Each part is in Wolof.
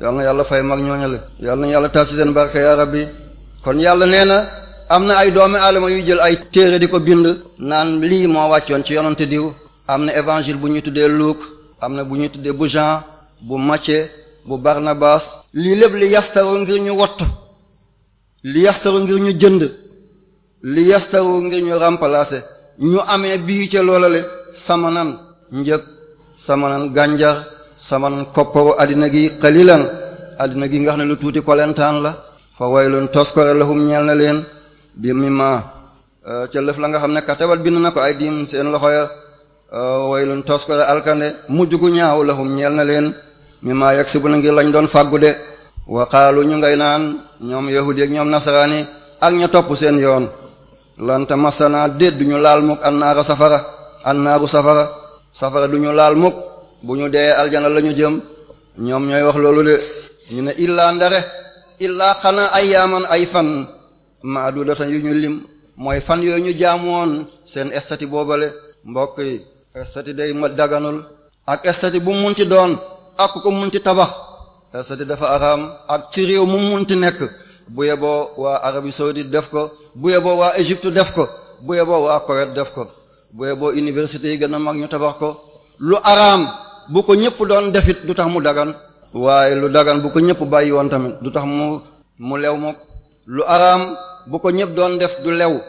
yal yàlla fay mag ñooñale yal na yàlla taas ci seen barke ya rabbi kon yàlla nee na am na ay doomi aadama yuy jël ay téere di ko bind naan lii moo wàccoon ci yonante diw am na évangile bu ñuy tuddee Luuk am na bu ñu tuddee bu Jean bu Matthieu bu Barnabas lii lépp li yastaru ngir ñu wott li yastaru ngir ñu jënd li yastaru ngir ñu remplacer ñu amee bii ca loolale samanan njëg samanan gànjar saman kopparu addina gi qalilan addina gi nga xam ne lu tuuti kolentaan la fa waylun toskore lahum ñeel na leen bi mi ma euh, la nga xam ne katabat bind na ko ay diim seen loxo ya euh, waylun toskore alkande mujj gu ñaaw lahum ñeel na leen mi ma yegg bu na ngir lañ doon fàggu de waqaalu ñu ngay naan ñoom yahudi ak ñoom nasaraani ak ña topp seen yoon lanta masana déet du ñu laal mukk annaaru safara annaaru safara safara du ñu laal mukk bu ñu dee aljana la ñu jëm ñoom ñooy wax loolu de ñu ne illaa ndare illaa xanaa ay yaaman ay fan maadudatan yu ñu lim mooy fan yooyu ñu jaamoon seen estati boobale mbokk yi estati day ma daganul ak estati bu munti doon ak ko munti tabax estati dafa araam ak ci réew mu munti nekk bu boo waa Arabie saoudite def ko bu yeboo waa Égypte def ko bu yeboo waa Corée def ko bu yeboo université yi gën mag ñu tabax ko lu araam bu ko ñëpp doon defit du tax mu dagan waaye lu dagan bu ko ñëpp bàyyi woon tamit du tax mu mu lew mook lu araam bu ko ñëpp doon def du lew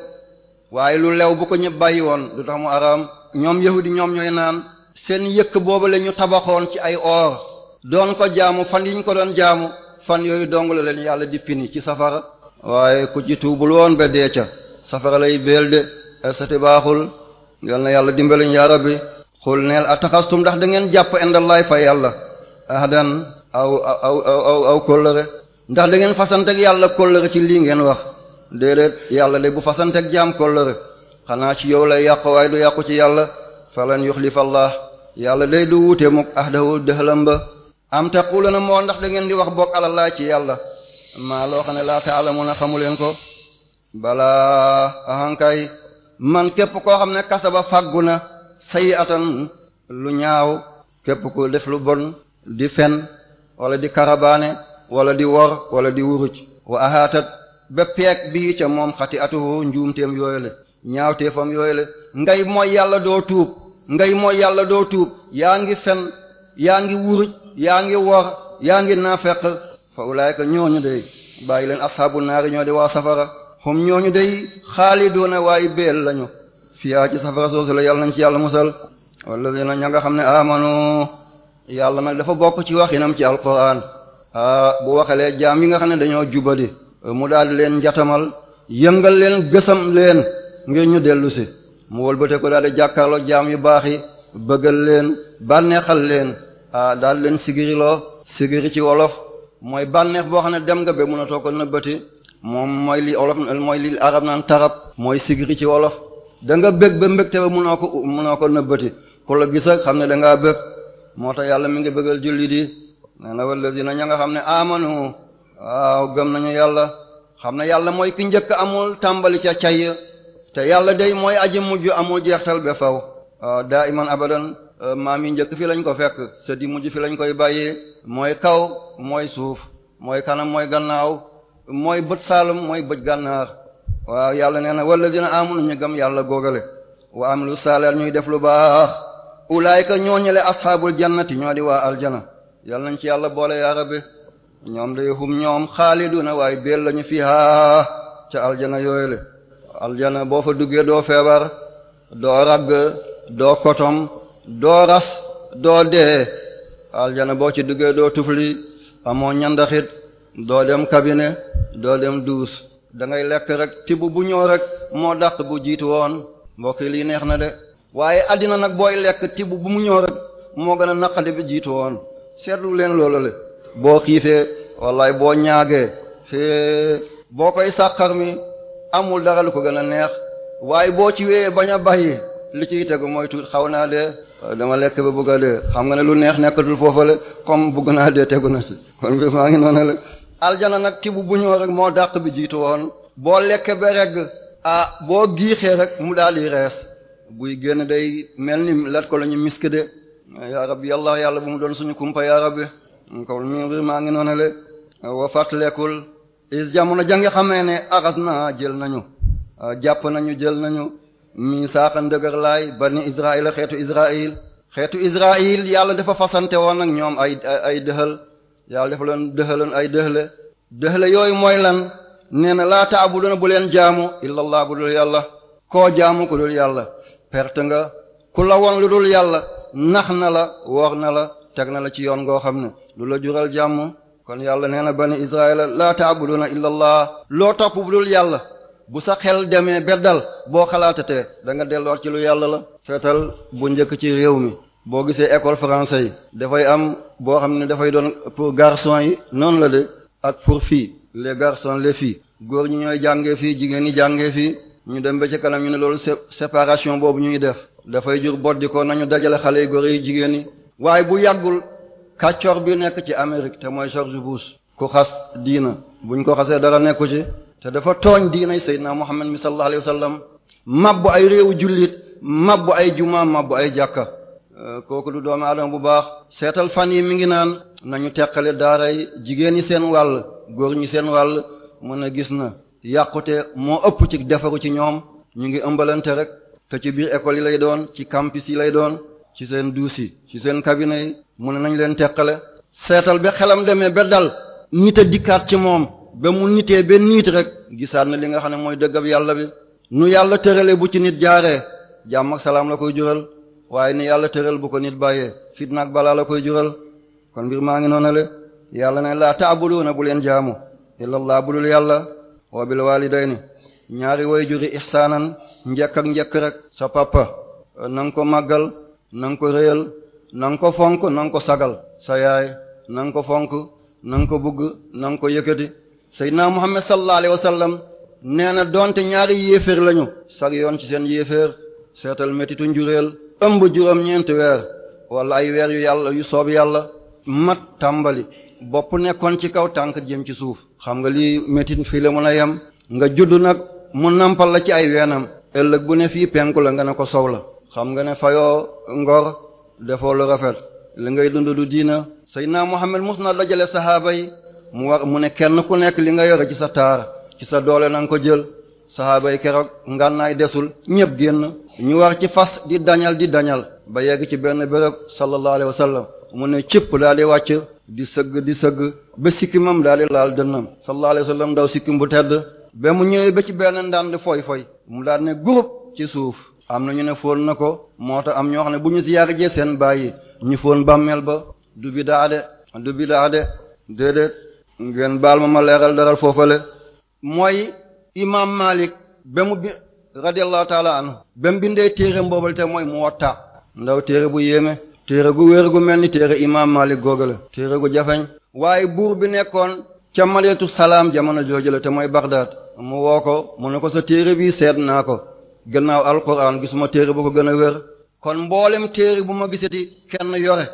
waaye lu lew bu ko ñëpp bàyyi woon du tax mu araam ñoom yahudi ñoom ñooy naan seen yëkk boobu la ñu tabaxoon ci ay or doon ko jaamu fan yi ko doon jaamu fan yooyu dong la leen yàlla di pini ci safara waaye ku ci tuubul woon ba dee ca safara lay beel de sati baaxul yal na yàlla dimbaliñ yaa rabbi xul neel ataxastum ndax da ngeen jàpp indallaay fa yàlla ahdan aw aw aw aw kóllëre ndax da ngeen fasanteeg yàlla kóllëre ci lii ngeen wax déedéet yàlla de bu fasanteeg jaam kóllëre xanaa ci yow lay yàqu waaye du yàqu ci yàlla falan yuxlifallah yàlla day du wuute muk ahdahu dëxlam ba am na moo ndax da ngeen di wax bokk alalaay ci yàlla maa loo xam ne laa ta'lamuna xamuleen ko balaa ahankay man képp koo xam ne kasaba fàggu na sayi'atan lu ñaaw képp ku def lu bon di fen wala di karabaane walla di wor wala di wuruj wa ahaatat ba peeg bi ca moom xati'atuhu njuumteem yooyu ñaaw ñaawteefam yooyu la ngay mooy yàlla doo tuub ngay mooy yàlla doo tuub yaa ngi fen yaa ngi wuruj yaa ngi wor yaa ngi naafeq fa ulaayka ñooñu day bàyyi leen ashaabu naari ñoo di waa safara hum ñooñu day xaaliduuna waaye beel lañu fiyaa ci safara soosu la yàlla nañ ci yàlla musal walladina ña nga xam ne amanu yàlla nag dafa bokk ci waxinam ci alquran a bu waxalee jaam yi nga xam ne dañoo jubadi mu daal di leen njatamal yëngal leen gësam leen ngir ñu dellu si mu wëlbate ko daal di jàkkaarloo jaam yu baax yi bëggal leen bànneexal leen daal di leen sigiriloo sigiri ci wolof mooy bànneex boo xam ne dem nga ba mun a too ko nëbbati moom mooy li olof mooy li arab naan tarab mooy sigiri ci wolof da nga bëgg ba mbëgte ba munoo ko munoo ko nëbbati ku la gis xam ne da ngaa bëgg moo tax yàlla mi ngi bëggal julli di nee na walladina ña nga xam ne amanu waaw gëm nañu yàlla xam ne yàlla mooy ki njëkk amul tàmbali ca cay te yàlla day mooy aji mujj amul jeextal ba faw daa iman abadan euh, maam yi njëkk fi lañ ko fekk sët di mujj fi lañu koy bàyyee mooy kaw mooy suuf mooy kanam mooy gannaaw mooy bët saalum mooy bëj gànnaar waaw yàlla nee na walladina amul ñu gëm yàlla góogale wa amilu saaleer ñuy def lu baax ulaayka ñoo ñele asxaabul jannati ñoo di waa aljana yàlla nañ ci yàlla boole yaa rabbi ñoom day hum ñoom xaaliduna waaye beel lañu fiha ca aljana yooyule aljana boo fa duggee doo feebar doo ragg doo kotom doo ras doo dee aljana boo ci duggee doo tufli amoo ñandaxit doo dem kabine doo dem duus da ngay lekk rek tibb bu ñëw rek moo dàq bu jiitu woon mbokk yi neex na de waaye addina nag booy lekk tibb bu mu ñëw rek moo gën a naqade bi jiitu woon seetlu leen loolu le boo xiifee wallaay boo ñaagee fee boo koy sàqar mi amul dara lu ko gën a neex waaye boo ci wee bañ a bay li ciy tegu mooy tuut xaw naa de dama lekk ba bëgg a dee xam nga ne lu neex nekkatul foofale comme bëgg naa dee tegu na si kon bi maa ngi noonu la aljana nag tibb bu ñëw rek moo dàq bi jiitu woon boo lekk ba regg ah boo giixee rek mu daal di rees buy génn day mel ni lat ko la ñu misk de yaa rabbi yàlla yàlla bu mu doon suñu kumpa yaa rabbi ko mi ri maa ngi noonale wa fàttalekul is jamono ja nga xamee ne axas na jël nañu jàpp nañu jël nañu mi saaxan dëgër laay bani israil xeetu israil xeetu israil yàlla dafa fasante woon nag ñoom ay ay dëxal yàlla dafa loon dëxaloon ay dëxle dëxle yooyu mooy lan nee na laa taabuduna bu leen jaamu illallah bu dul yàlla koo jaamu ko dul yàlla perte nga ku la woon lu dul yàlla nax na la woor na la teg na la ci yoon ngoo xam ne lu la jural jàmm kon yàlla nee na bani israila laa taabuduna illallah loo topp bu dul yàlla bu sa xel demee beddal boo xalaatatee da nga delloor ci lu yàlla la feetal bu njëkk ci réew mi boo gisee école français yi dafay am boo xam ne dafay doon pour garçon yi noonu la de ak pour filles les garçons les filles góor ñu ñooy jàngee fii jigéen ñi jàngee fii ñu dem ba ci kanam ñu ne loolu séparation boobu ñuy def dafay jur boddikoo ko nañu dajale xale yu góor yi jigéen ñi waaye bu yàggul kàccor bi nekk ci Amérique te mooy George Bush ku xas diina buñ ko xasee dara nekku ci te dafa tooñ diinay Seydina Muhammad mi sallallahu alayhi wa sallam mabbu ay réew jullit mabbu ay juma mabbu ay jàkka kooku du doomu aadama bu baax seetal fan yi mi ngi naan nañu teqale daaray jigéen ñi seen wàll góor ñi seen wàll mën a gis na yàqute moo ëpp ci defaru ci ñoom ñu ngi ëmbalante rek te ci biir école yi lay doon ci campus yi lay doon ci seen duus yi ci seen cabinet yi mu ne nañ leen teqale seetal ba xelam demee ba dal nit a dikkaat ci moom ba mu nitee ba niit rek gisaat na li nga xam ne mooy dëgg ab yàlla bi nu yàlla tërale bu ci nit jaaree jàmm ak salaam waaye ni yàlla tëral bu ko nit bàyyee fitna ak balaa la koy jural kon mbir maa ngi noonale yàlla ne laa ta'buduna bu leen jaamu laa budul yàlla wa bil walidayni ñaari way juri ihsaanan njekk njekk rek sa papa na nga ko màggal na ko réyal nang ko fonk na nga ko sagal sa yaay na ko fonk nang ko bugg nang nga ko yëkkati sayyidina muhammad sallallahu alayhi wa sallam nee na doonte ñaari yéeféer lañu sag yoon seen yéeféer seetal métitu njuréel ëmb juróom-ñeenti weer wala ay weer yu yàlla yu soob yàlla mat tàmbali bopp nekkoon ci kaw tànk jëm ci suuf xam nga lii métit fii la mën a yem nga judd nag mu nàmpal la ci ay weenam ëllëg bu ne fii penku la nga ne ko sow la xam nga ne fayoo ngor defoo lu rafet li ngay dund du diina Seydina Muhammad mos na dajale sahaaba yi mu war mu ne kenn ku nekk li nga yore ci sa taar ci sa doole na nga ko jël sahaaba yi keroog ngànnaay desul ñëpp génn ñu war ci fas di dañal di dañal ba yegg ci benn béréb sallallahu alayhi wa mu ne cëpp daal di wàcc di sëgg di sëgg ba sikkimam daal di laal dënnam sallallahu alayhi wa ndaw daw sikkim bu tedd ba mu ñëwee ba ci benn ndànd foy foy mu daal ne groupe ci suuf am na ñu ne fóon na ko moo tax am ñoo xam ne bu ñu ziyaare jee seen bàyyi ñu fóon bàmmeel ba du bidaa de du bidaa ngeen baal ma ma leeral daral foofale mooy imam Malik ba mu bi radiyallahu taala anhu ba mu bindee téere mboobal te mooy Muwatta ndaw téere bu yéeme téere gu wér gu mel ni téere imam Malik googu la téere gu jafeñ waaye buur bi nekkoon ca Madinatu Salaam jamono jooju la te mooy Bagdad mu woo ko mu ne ko sa téere bi seet naa ko gannaaw alquran gisuma téere bu ko gën a wér kon mboolem téere bu ma gisati kenn yore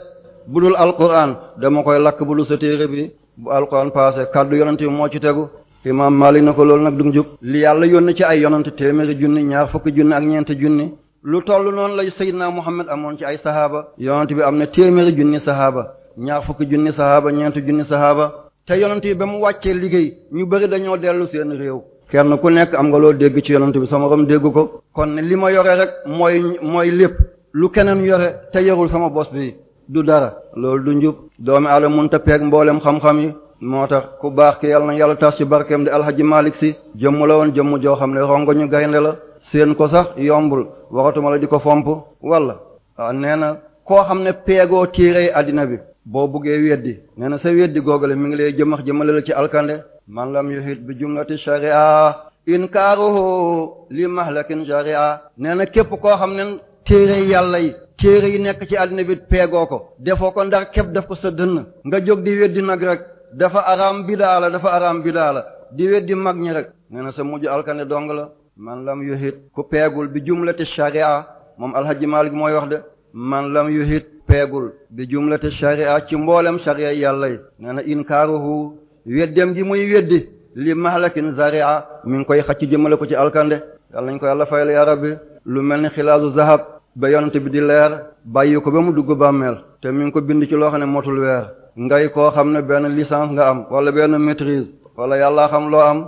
budul alquran dama koy lakk budul sa téere bi bu alquran passé kaddu yonent bi moo ci tegu imaam Maalik na ko loolu nag du jub li yàlla yónni ci ay yonante téeméeri junni ñaar fukki junni ak ñeenti junni lu toll noonu lay Seydina Muhammad amoon ci ay sahaaba yonante bi am na téeméeri junni sahaaba ñaar fukki junni sahaaba ñeenti junni sahaaba te yonante bi ba mu wàccee liggéey ñu bëri dañoo dellu seen réew kenn ku nekk am nga loo dégg ci yonante bi sama rom dégg ko kon li ma yore rek mooy mooy lépp lu keneen yore te yorul sama bos bi du dara loolu du njub doomi aala munta peeg xam-xam yi moo tax ku baax ki yàlla na yàlla tax ci barkeem di alxaji Malick si jëmm la woon jëmm joo xam ne rongoñu gaynde la seen ko sax yombul waxatuma la di ko fomp walla ah, nee na koo xam ne peegoo tiirey àddina bi boo buggee weddi nee na sa weddi googale mi ngi lay jëmax jëmale la ci alkande man lam yuhit bi jumlati sharia inkaaruhu li mahlakin sharia nee na képp koo xam ne téere yàlla yi téere yi nekk ci addina bi peegoo ko defoo ko ndar képp def ko sa dënn nga jóg nag rek dafa araam bidaa la dafa araam bidaa la di weddi mag ñi rek nee na sa mujj alkane dong la man lam yuhit ku peegul bi jumlati sharia moom alhaji Malik mooy wax de man lam yuhit peegul bi jumlati sharia ci mboolem sharia yàlla yi nee na inkaaruhu weddem gi muy weddi li mahlakin zaria mi ngi koy xacc jëmmale ko ci alkande yàlla nañ ko yàlla fayal ya bi lu mel ni xilaasu zahab ba yonent bi di leer bàyyi ko ba mu dugg bàmmeel te mi ngi ko bind ci loo xam ne motul weer ngay koo xam ne benn licence nga am wala benn maîtrise wala yàlla xam loo am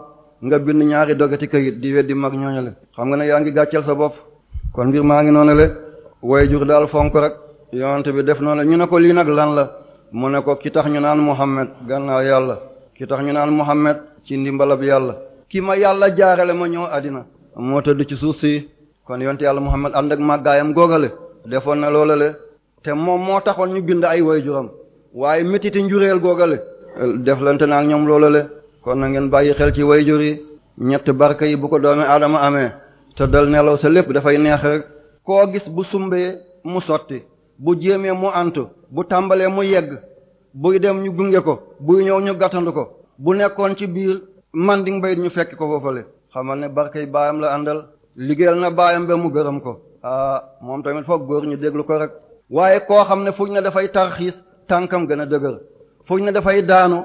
nga bind ñaari dogati kayit di weddi mag ñooñale xam nga ne yaa ngi gàcceel sa bopp kon mbir maa ngi noonu le way jur daal fonk rek yonent bi def noonu la ñu ne ko lii nag lan la mu ne ko ki tax ñu naan Muhammad gannaaw yàlla ki tax ñu naan Muhammad ci ndimbalab yàlla kii ma yàlla jaarale ma ñëw àddina moo tëdd ci suuf si kon yonent yàlla Muhammad ànd ak màggaayam googale defoon na loolale te moom moo taxoon ñu bind ay way juram waaye métiti njureel googale deflante na ak ñoom loola kon na ngeen bàyyi xel ci way jur yi ñett barke yi bu ko doomi aadama amee te dal nelaw sa lépp dafay neex rek koo gis bu sumbee mu sotti bu jéemee mu antu bu tàmbalee mu yegg buy dem ñu gunge ko buy ñëw ñu gàttandu ko bu nekkoon ci biir manding bayit ñu fekk ko foofale xamal ne barke yi baayam la àndal liggéeyal na baayam ba mu gërëm ko ah moom tamit foog góor ñu déglu ko rek waaye koo xam ne fuñ ne tànkam gën a dëgër fuñ ne dafay daanu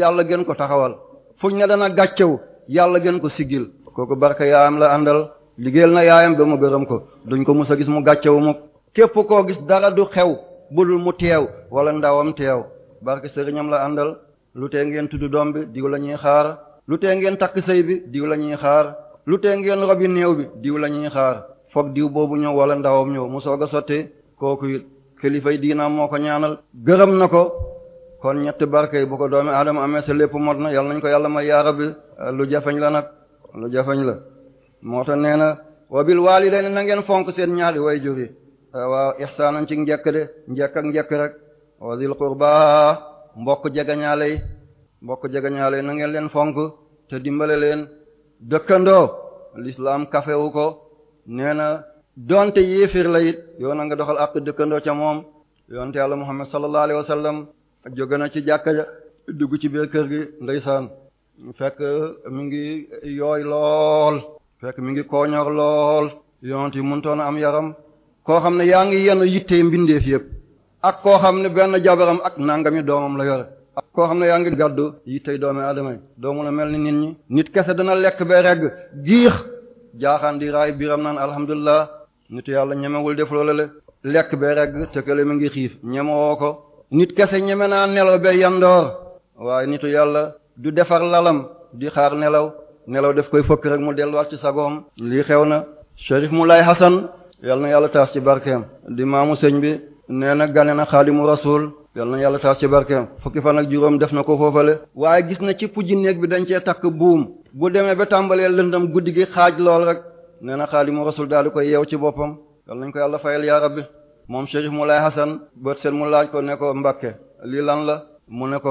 yàlla gën ko taxawal fuñ ne dana gàccew yàlla gën ko siggil kooku barke yaayam la àndal liggéeyal na yaayam ba mu gërëm ko duñ ko mus a gis mu gàccewu mu képp koo gis dara du xew budul mu teew wala ndawam teew barke sëriñam la àndal lu tee ngeen tudd doom bi diw la ñuy xaar lu tee ngeen takk sëy bi diw la ñuy xaar lu tee ngeen robi néew bi diw la ñuy xaar foog diw boobu ñëw walla ndawam ñëw mu soog a sotti kooku it kilifay diina moo ko ñaanal gërëm na ko kon ñetti barke yi bu ko doomi aadama amee sa lépp mot na yàlla nañ ko yàlla may yaa rabbi lu jafeñ la nag lu jafeñ la moo tax nee na wa bil waalidayni fonk seen ñaari way jur yi waaw ihsaanan ci njekk de njekk njekk rek wa zil mbokk jegañaale yi mbokk jegañaale yi na leen fonk te dimbale leen dëkkandoo l'islam kafewu ko nee donte yéeféer la it yow na nga doxal àq dëkkandoo ca moom yonte yàlla muhammad sallallahu alayhi wa sallam jóge na ci jàkka ja dugg ci biir kër gi ndeysaan fekk mu ngi yooy lool fekk mi ngi kooñor lool yonte yi mënutoon am yaram koo xam ne yaa ngi yenn yittee mbindeef yëpp ak koo xam ne benn jabaram ak nangami doomam la yore ak koo xam ne yaa ngi gàddu yittey doomi aadama yi doomu la mel ni nit ñi nit kese dana lekk ba regg giix jaaxaan di raay biram naan alhamdulillah nitu yàlla ñemewul def loola lekk be regg te mi ngi xiif ñemewoo ko nit kese ñeme naa nelaw be yandoor waaye nitu yàlla du defar lalam di xaar nelaw nelaw def koy fëkk rek mu delluwaat ci sagoom lii xew na Cherif Moulay Hassan yal na yàlla taas ci barkeem di maamu sëñ bi nee na gane na xaadimu rasul yal na yàlla taas ci barkeem fukki fan nag juróom def na ko foofale waaye gis na ci pujji néeg bi dañ cee takk buum bu demee ba tàmbalee lëndam guddi gi xaaj lool rek nee na xaadimu rasul daal di koy yeew ci boppam yal nañ ko yàlla fayal yaa bi moom Chérif Moulay Hassan bët seen mu laaj ko ne ko Mbàkke lii lan la mu ne ko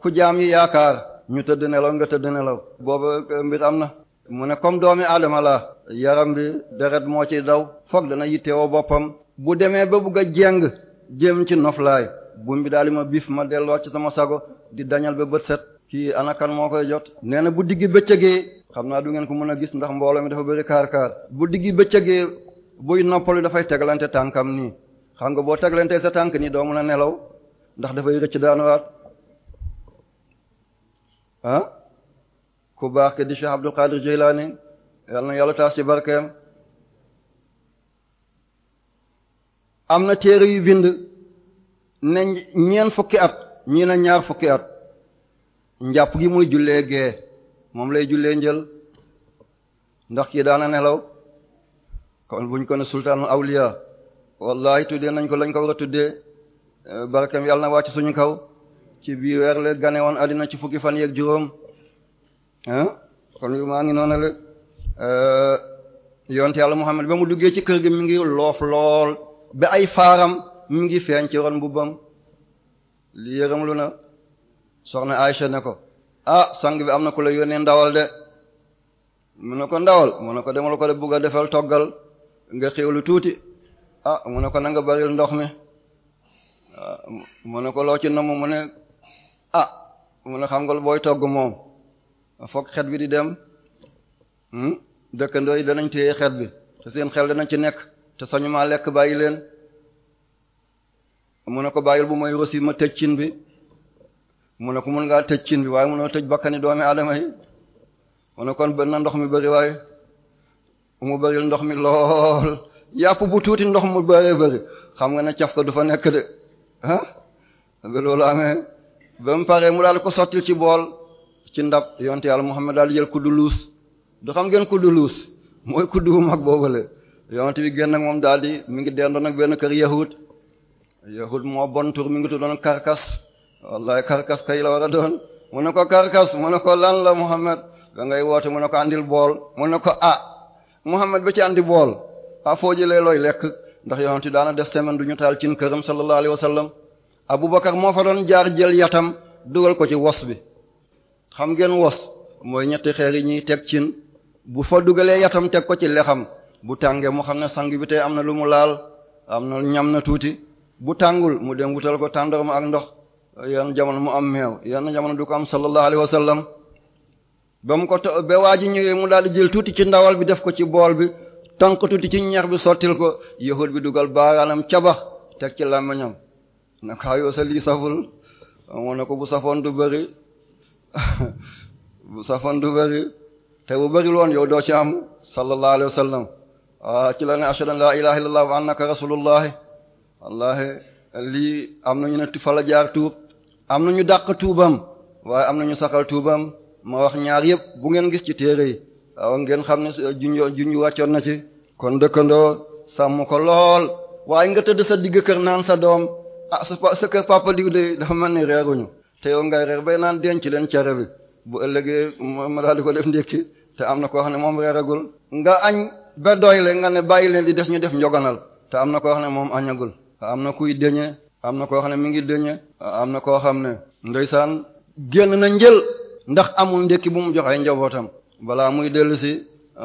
ku jaam yi yaakaar ñu tëdd nelaw nga tëdd nelaw boobu e, mbir am na mu ne comme doomi aadama la yaram bi deret moo ci daw foog dana yittewoo boppam bu demee ba bugg a jeng jëm ci noflaay bu bi daal di ma biif ma delloo ci sama sago di dañal ba bët set kii ana moo koy jot nee na bu diggi bëccëgee xam naa du ngeen ko mën a gis ndax mbooloo mi dafa bëri kaar-kaar bu diggi bëccëgee buy noppalu dafay teglante tànkam nii xam nga boo tegalantee sa tànk nii doo mën a nelaw ndax dafay rëcc daanuwaat ah ku baax ke di Cheikh Abdul Qadir Jilani yàlla na yàlla taas ci am na téere yu bind ne ñeen fukki at ñii na ñaar fukki at njàpp gi muy jullee gee moom lay jullee njël ndax kii daana nelaw kon buñ ko ne sultaanul awliya wallahi tudde nañ ko lañ ko war a tuddee eh, barakam yàlla na wàcc suñu kaw ci bii weer la gane woon àddina ci fukki fan yeeg juróom eh, kon maa ngi noona la eh, yonte yàlla Muhammad ba mu duggee ci kër gi mi ngi loof lool ba ay faaram mu ngi feeñ ci ron mbubbam li yëram lu na soxna Aysa ne ko a ah, sang bi am na ku la yónnee ndawal de mu ne ko ndawal mu ne ko demal ko de bugg a defal toggal nga xiwlu tuuti ah mu ko nanga nga baril ndox mi ah, mu ne ko loo ci nomm mu ne ah mu ne xam nga booy togg moom foog xet bi di dem hmm? dëkkandoo yi danañ téye xet bi te seen xel danañ ci nekk te sañu maa lekk bàyyi leen mu ne ko bàyyil bu mooy rosi ma tëj cin bi mu ne ko mën ngaa tëj cin bi waaye mënoo tëj bakkani doomi aadama yi mu ne kon benn ndox mi bëri waaye mu bëril ndox mi lool yàpp bu tuuti ndox mu bëree bëri xam nga ne caf ko du fa nekk de ah ba loolu amee ba mu paree mu daal ko sottil ci bool ci ndab yonte yàlla Muhammad daal jël kuddu luus du xam ngeen kuddu luus mooy kuddu bu mag boobale yonte bi génn ak moom daal di mi ngi dendoon nag benn kër yahud yahud moo bon tur mi ngi tuddoon karkas wallahi karkas kay la war a doon mu ne ko karkas mu ne ko lan la Muhammad da ngay woote mu ne ko andil bool mu ne ko ah Muhammad ba ci andi bool ah foo jëlee looy lekk ndax yonent bi daana def semaine du ñu taal cin këram sallallahu alayhi wa sallam Abubakar moo fa doon jaar jël yatam dugal ko ci wos bi xam ngeen wos mooy ñetti xeer yi ñuy teg cin bu fa dugalee yatam teg ko ci lexam bu tàngee mu xam ne sang bi tey am na lu mu laal am na ñam na tuuti bu tàngul mu dem wutal ko tàndarma ak ndox yenn jamono mu am meew yenn jamono du am sallallahu alayhi wa sallam ko to ba waa ji ñëwee mu daal di jël tuuti ci ndawal bi def ko ci bool bi tànk tuuti ci ñeex bi sottil ko yahud bi dugal am cabax teg ci làmmiñam na kaa yoo lii saful moo ko bu safoon du bëri bu du bëri te bu bëri loon yow doo ci am sallallahu alayhi wa sallam ah, ci la ne ashhadu an la ilaha illallah wa annaka rasulullahi wallahi lii am nañu ne fa jaar tuub am na ñu dàq tuubam waaye am na ñu saxal tuubam ma wax ñaar yëpp bu ngeen gis ci téere yi waaw ngeen xam ne junj junj wàccoon na ci kon dëkkandoo sàmm ko lool waaye nga tëdd sa digg kër naan sa doom ah, a sa kër papa diw de dafa mel ni reeruñu te yow ngay reer bay naan denc leen cere bi bu ëllëgee ma daal di ko def ndékki te am na koo xam ne moom reeragul nga añ ba doy le nga ne bàyyi leen di des ñu def njoganal te am na koo wax ne moom añagul am na kuy deñe am na koo xam ne mi ngi dëñe am na koo xam ne ndeysaan génn na njël ndax amul ndékki bu mu jox ay njabootam balaa muy dellu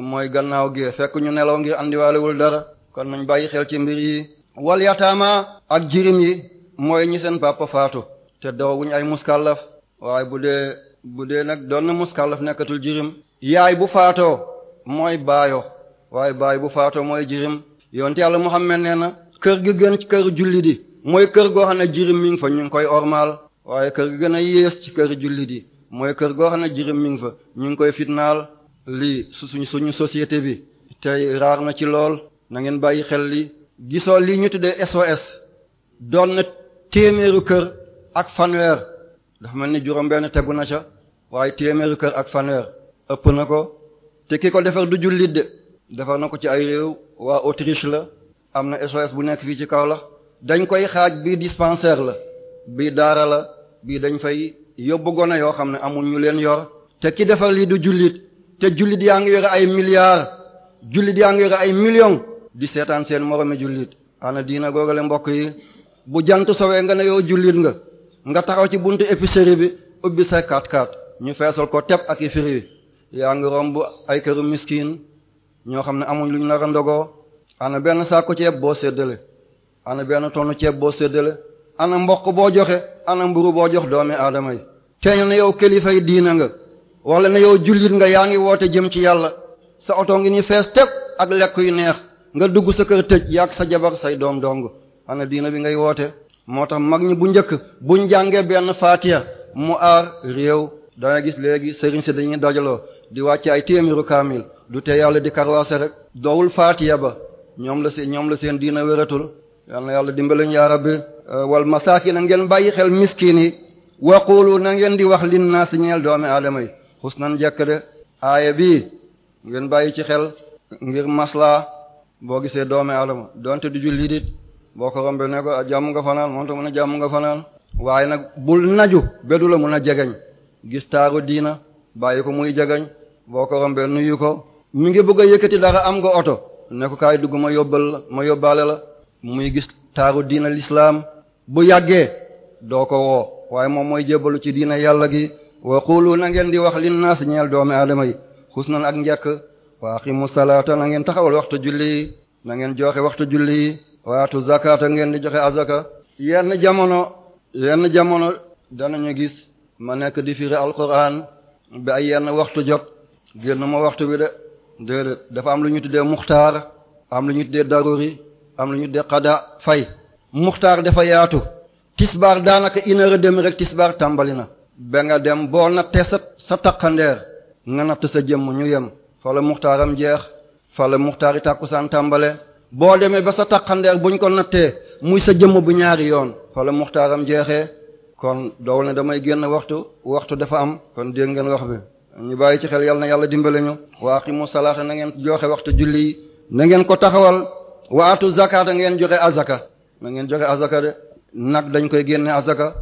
mooy gannaaw gi fekk ñu nelaw ngir andiwaalewul dara kon nañ bàyyi xel ci mbir yi wal ak jirim yi mooy ñi seen papa faatu te dooguñ ay muskallaf waaye bu dee bu dee nag doon na muskallaf nekkatul jirim yaay bu faatoo mooy baayo waaye baay bu faatoo mooy jirim yonte yàlla mel nee na kër gi gën kër julli di mooy kër goo xam ne jirim mi ngi fa ñu ngi koy ormaal waaye kër gi gën a yées ci kër jullit yi mooy kër goo xam ne jirim mi ngi fa ñu ngi koy fitnaal lii suñ suñu société bi tey raar na ci lool na ngeen bàyyi xel li gisoo lii ñu tuddee SOS doon na téeméeru kër ak fanweer dafa mel ni juróom-benn tegu na ca waaye téeméeru kër ak fanweer ëpp na ko te ko defar du jullit de defar na ko ci ay réew waa Autriche la am na SOS bu nekk fii ci kaw la dañ koy xaaj bii dispensaire la bii daara la bii dañ fay yóbbu gone yoo xam ne amul ñu leen yor te kii defar lii du jullit te jullit yaa ngi yore ay milliards jullit yaa ngi ay millions di seetaan seen moromi jullit ana diina googale mbokk yi bu jant sowee nga ne yow jullit nga nga taxaw ci buntu épicerie bi ubbi sa kat kat ñu feesal ko teb ak i firi yaa ngi romb ay këru miskin ñoo xam ne amuñ luñ nar a ndogoo ana benn saako ceeb boo séddale ana benn tonn ceeb boo séddale ana mboq boo joxe ana mburu boo jox doomi aadama yi teeñ na yow kilifay diina nga wala na yow jullit nga yaa ngi woote jëm ci yàlla sa oto ngi ni fees teg ak lekk yu neex nga dugg sa kër tëj yaag sa jabar say doom dong ana diina bi ngay woote moo tax mag ñi bu njëkk buñ jàngee benn faatiya mu aar réew danga gis léegi sëriñ si dañuy dajaloo di wàcce ay téeméeru kaamil du tee yàlla di karwaase rek doowul faatiya ba ñoom la seen ñoom la seen diina wératul yal na yàlla dimbalañ ya bi euh, wal na ngeen bàyyi xel miskin yi waqulu na ngeen di wax lin naa si ñeel doomi aadama yi xusnan jekk de aaya bii ngeen bàyyi ci xel ngir masla boo gisee doome aadama donte du jullit it boo ko rombe ne ko ah, jàmm nga fanaan moom ta mën jàmm nga fanaan waaye nag bul naju bedu la mun a jegeñ gis taaru diina bàyyi ko muy jegeñ boo ko rombe nuyu ko mu ngi bëgg a yëkkati dara am nga oto ne ko dugg ma yóbbal ma yóbbaale la muy gis taaru diina lislaam bu yàggee doo ko woo waaye moom mooy jébbalu ci diina yàlla gi wa qulu na ngeen di wax linnaas ñeel doomi aadama yi xusnan ak njekk waa aqimu salaata na ngeen taxawal waxtu julli na ngeen joxe waxtu julli waatu zakata ngeen di joxe azaka yenn jamono yenn jamono danañu gis ma nekk di firi alquran bi ay yenn waxtu jot génn ma waxtu bi de déedéet dafa am lu ñu tuddee muxtaar am lu ñu tuddee daruri am nañu de xada fay muxtaar dafa yaatu tisbaar daanaka une heure demi rek tisbaar tàmbali na ba nga dem boo nattee sa sa taqandeer nga natt sa jëmm ñu yem fala muxtaaram jeex fala muxtaari tàkkusaan tàmbale boo demee ba sa taqandeer buñ ko nattee muy sa jëmm bu ñaari yoon fala muxtaaram jeexee kon dool ne damay génn waxtu waxtu dafa am kon dégg ngeen wax bi ñu bàyyi ci xel yàlla yàlla dimbale ñu waaqimu salaata na ngeen waxtu julli na ngeen waatu zakata ngeen joxe azaka na ngeen joxe azaka de nag dañ koy génne azaka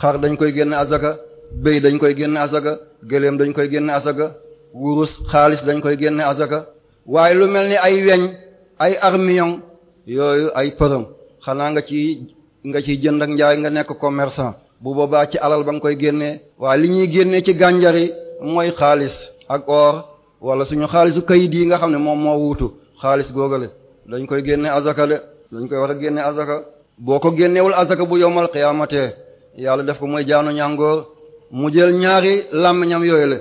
xar dañ koy génne azaka béy dañ koy génne azaka gëléem dañ koy génne azaka wurus xaalis dañ koy génne azaka waaye lu mel ni ay weñ ay armion yooyu ay përëm xanaa nga ci nga ciy jënd ak njaay nga nekk commerçant bu boobaa ci alal ba nga koy génnee waaye li ñuy génnee ci gànjari mooy xaalis ak or wala suñu xaalisu kayit yi nga xam ne moom moo wuutu xaalis googale dañ koy génne azaka de dañ koy war a génne azaka boo ko génnewul azaka bu yowmal qiyaamate yàlla def ko mooy jaanu ñàngoor mu jël ñaari làmmiñam yooyu la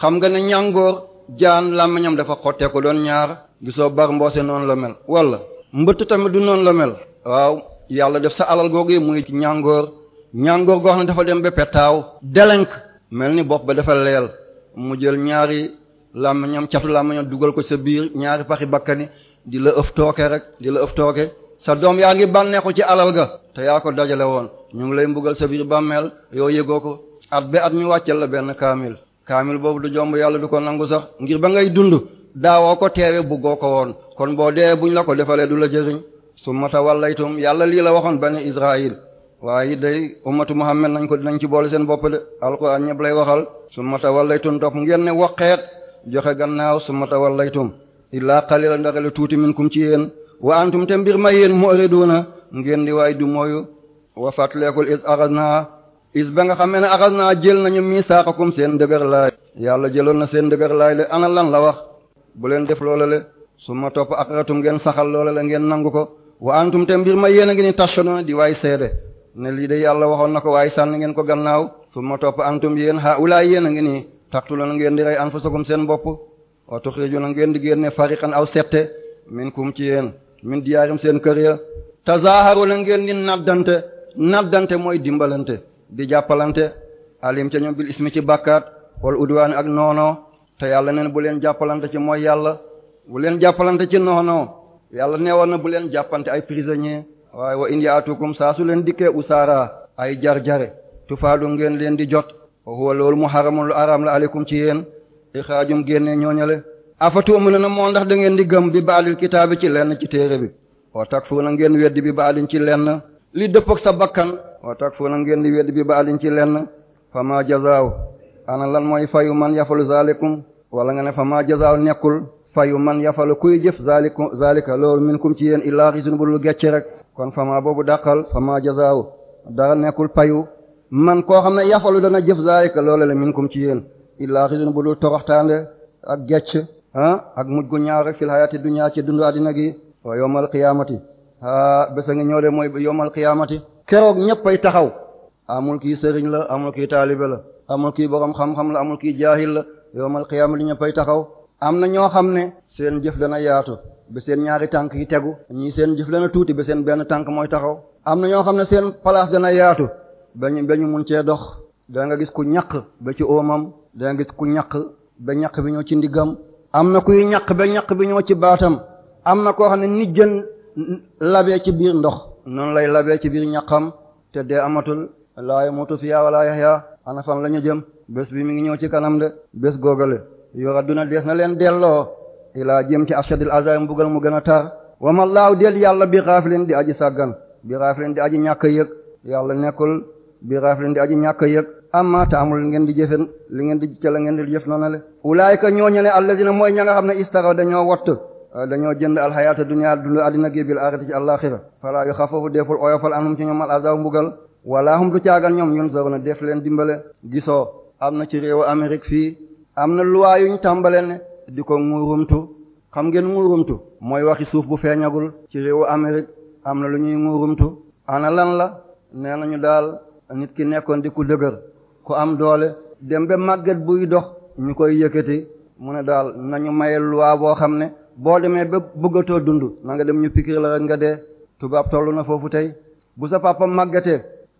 xam nga ne ñàngoor jaan làmmiñam dafa xottee ko doon ñaar gisoo bar mboose noonu la mel walla mbëtt tamit du noon la mel waaw yàlla def sa alal googu yi muy ñàngoor ñàngoor goo xam ne dafa dem ba taaw delenk mel ni bopp ba dafa leel mu jël ñaari làmmiñam catu làmmiñam dugal ko sa biir ñaari paxi bakkani di la ëf tooke rek di la ëf tooke sa doom yaa ngi bànneexu ci alal ga te yaa ko dajale woon ñu ngi lay mbugal sa biir bàmmeel yoo yëgoo ko at ba at ñu wàccel la benn kaamil kaamil boobu du jomb yàlla du ko nangu sax ngir ba ngay dund daawoo ko teewe buggoo ko woon kon boo dee buñu la ko defalee du la jëriñ summa tawallaytum yàlla lii la waxoon bani Israil waaye day ummatu Muhammad nañ ko dinañ ci boole seen bopp de alquran ñëpp lay waxal summa tawallaytum topp ngeen ne waqeet joxe gannaaw summa tawallaytum illaa qalilan dara lu tuuti minkum ci yéen wa antum te mbir ma yéen mu'riduna ngeen di waay du mooyu wa fatleekul is arazna is ba nga xamee ne arazna jël nañu misaaqakum seen dëgër laay yàlla jëloon na seen dëgër laay ana lan la wax bu leen def loola le su ma topp aqratum ngeen saxal loola le ngeen nangu ko wa antum te mbir ma yéen a ngi ni tashonona di waay seede ne lii de yàlla waxoon na ko waaye sànni ngeen ko gannaaw su ma topp antum yéen ha ulaay yéen a ngi nii taqtuluna wa na ngeen di génne fariqan aw sette kum ci yéen min diyaarim seen kër ya tazaharuna ngeen di naddante naddante mooy dimbalante di jàppalante alim ca bil ismi ci bakkaat wal udwaan ak noonoo te yàlla neen bu leen jàppalante ci mooy yàlla bu leen jàppalante ci noonoo yàlla nee woon na bu leen jàppante ay prisonnier waaye wa in yaatukum saa su leen dikkee usaara ay jar jare tufaadu ngeen leen di jot wa huwa loolu muharramun lu araam la ci yéen di ixraajum génne ñooñale afatu'minuna mool ndax da ngeen di gëm bi baalil kitaabi ci lenn ci téere bi wa takfuruna ngeen weddi bi baalin ci lenn li dëpp ak sa bakkan wa na ngeen di weddi bi baalin ci lenn fama jazaaw ana lan mooy fayu man yafalu zalikum wala nga ne fama jazaaw nekkul fayu man yafalu kuy jëf zalikum zalika loolu minkum ci yéen illaa xisun bu lu gecce rek kon fama boobu dàqal ma jazaaw dara nekkul payu man koo xam ne yafalu dana jëf zalika loolu la minkum ci yéen illaa xisun bu dul toroxtaande ak gecc ak mujj gu ñaar fil hayati dunya ci dundu addina gi wa yawmal qiyamati ah bés a ngi ñëw de mooy yawmal qiyamati keroog ñëppay taxaw amul kii sëriñ la amul kii taalibe la amul kii borom xam-xam la amul kii jaahil la yawmal qiyamati ñëppay taxaw am na ñoo xam ne seen jëf dana yaatu ba seen ñaari tànk yi tegu ñii seen jëf dana tuuti ba seen benn tànk mooy taxaw am na ñoo xam ne seen place dana yaatu ba ba ñu mun cee dox da ñaq ba danga gis ku ñaq ba ñaq bi ñëw ci ndiggam am na kuy ñaq ba ñaq bi ñëw ci baatam am na koo xam ne nit jën labee ci biir ndox noon lay labee ci biir ñaqam te dee amatul laa yamutu fiyaa wala yaxyaa ana fan la ñu jëm bés bi mi ngi ñëw ci kanam de bés googale yor na dees na leen delloo ilaa jëm ci ashadil azab mbugal mu gën a tar ma laaw del yàlla bi xaafilin di aji sàggan bi xaafilin di aji ñàkk yëg yàlla nekkul bi xaafilin di aji ñàkk yëg amma taamul ngeen di jëfen li ngeen di ca la ngeen di jëf noona le ulaayika ñooñu ne allazina mooy ña nga xam ne istaraw dañoo wott euh, dañoo jënd alxayaata dunya dundu àddina gi bil axirati ci àllaxira falaa yu xafafu deful oyofal anum ci ñoom al azaw mbugal wala hum du caagan ñoom ñun sorona def leen dimbale gisoo am na ci réewu Amérique fii am na luwaa yuñ tàmbale ne di ko nguurumtu xam ngeen nguurumtu mooy waxi suuf bu feeñagul ci réewu Amérique am na lu ñuy nguurumtu ana lan la nee nañu daal nit ki nekkoon di ku dëgër ku am doole dem ba màgget buy dox ñu koy yëkkati mu ne daal nañu maye loi boo xam ne boo demee ba buggatoo dund na nga dem ñu pikir la rek nga dee tubaab toll na foofu tey bu sa papa màggetee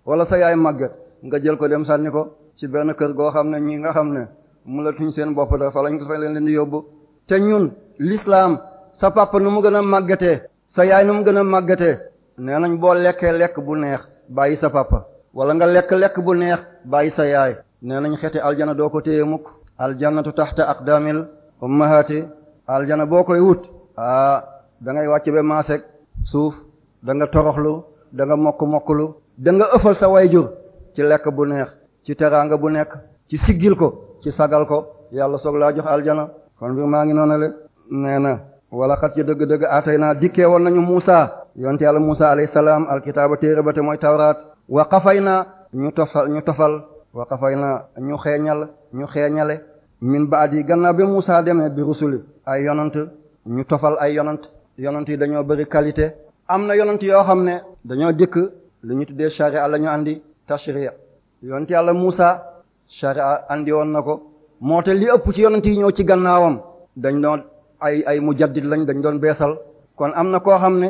wala sa yaay màgget nga jël ko dem sànni ko ci benn kër goo xam ne ñi nga xam ne mu la tuñ seen bopp da dafa lañ ko fa leen leen di yóbbu te ñun lislaam sa papa nu mu gën a màggetee sa yaay nu mu gën a màggetee nee nañ boo lekkee lekk bu neex bàyyi sa papa wala nga lekk-lekk bu neex bàyyi sa yaay nee nañu xeeti aljana doo ko téye mukk aljannatu taxta aqdamil ummahati aljana boo koy wut ah da ngay wàcc ba maasek suuf danga toroxlu da mokk mokkulu da nga ëffal sa wayjur ci lekk bu neex ci teraanga bu nekk ci siggil ko ci sagal ko yàlla soog laa jox aljana kon bi maa ngi noonale nee na wala xat ci dëgg-dëgg atay naa dikkee woon nañu Muusa yonte yàlla Muusa alayhi salaam alkitaaba téere ba te mooy tawraat waa kafay naa ñu tofal ñu tofal wa xafay naa ñu xeeñal ñu xeeñale min ba at yi gannaaw bi Musaa demee bi rusuli ay yonant ñu tofal ay yonant yonant yi dañoo bëri qualité am na yonant yoo xam ne dañoo dikk li ñu tuddee sharia la ñu andi tashriya yonent yàlla Musaa a andi woon na ko moo te li ëpp ci yonent yi ñëw ci gannaawam dañ doon ay ay mujaddid lañ dañ doon beesal kon am na koo xam ne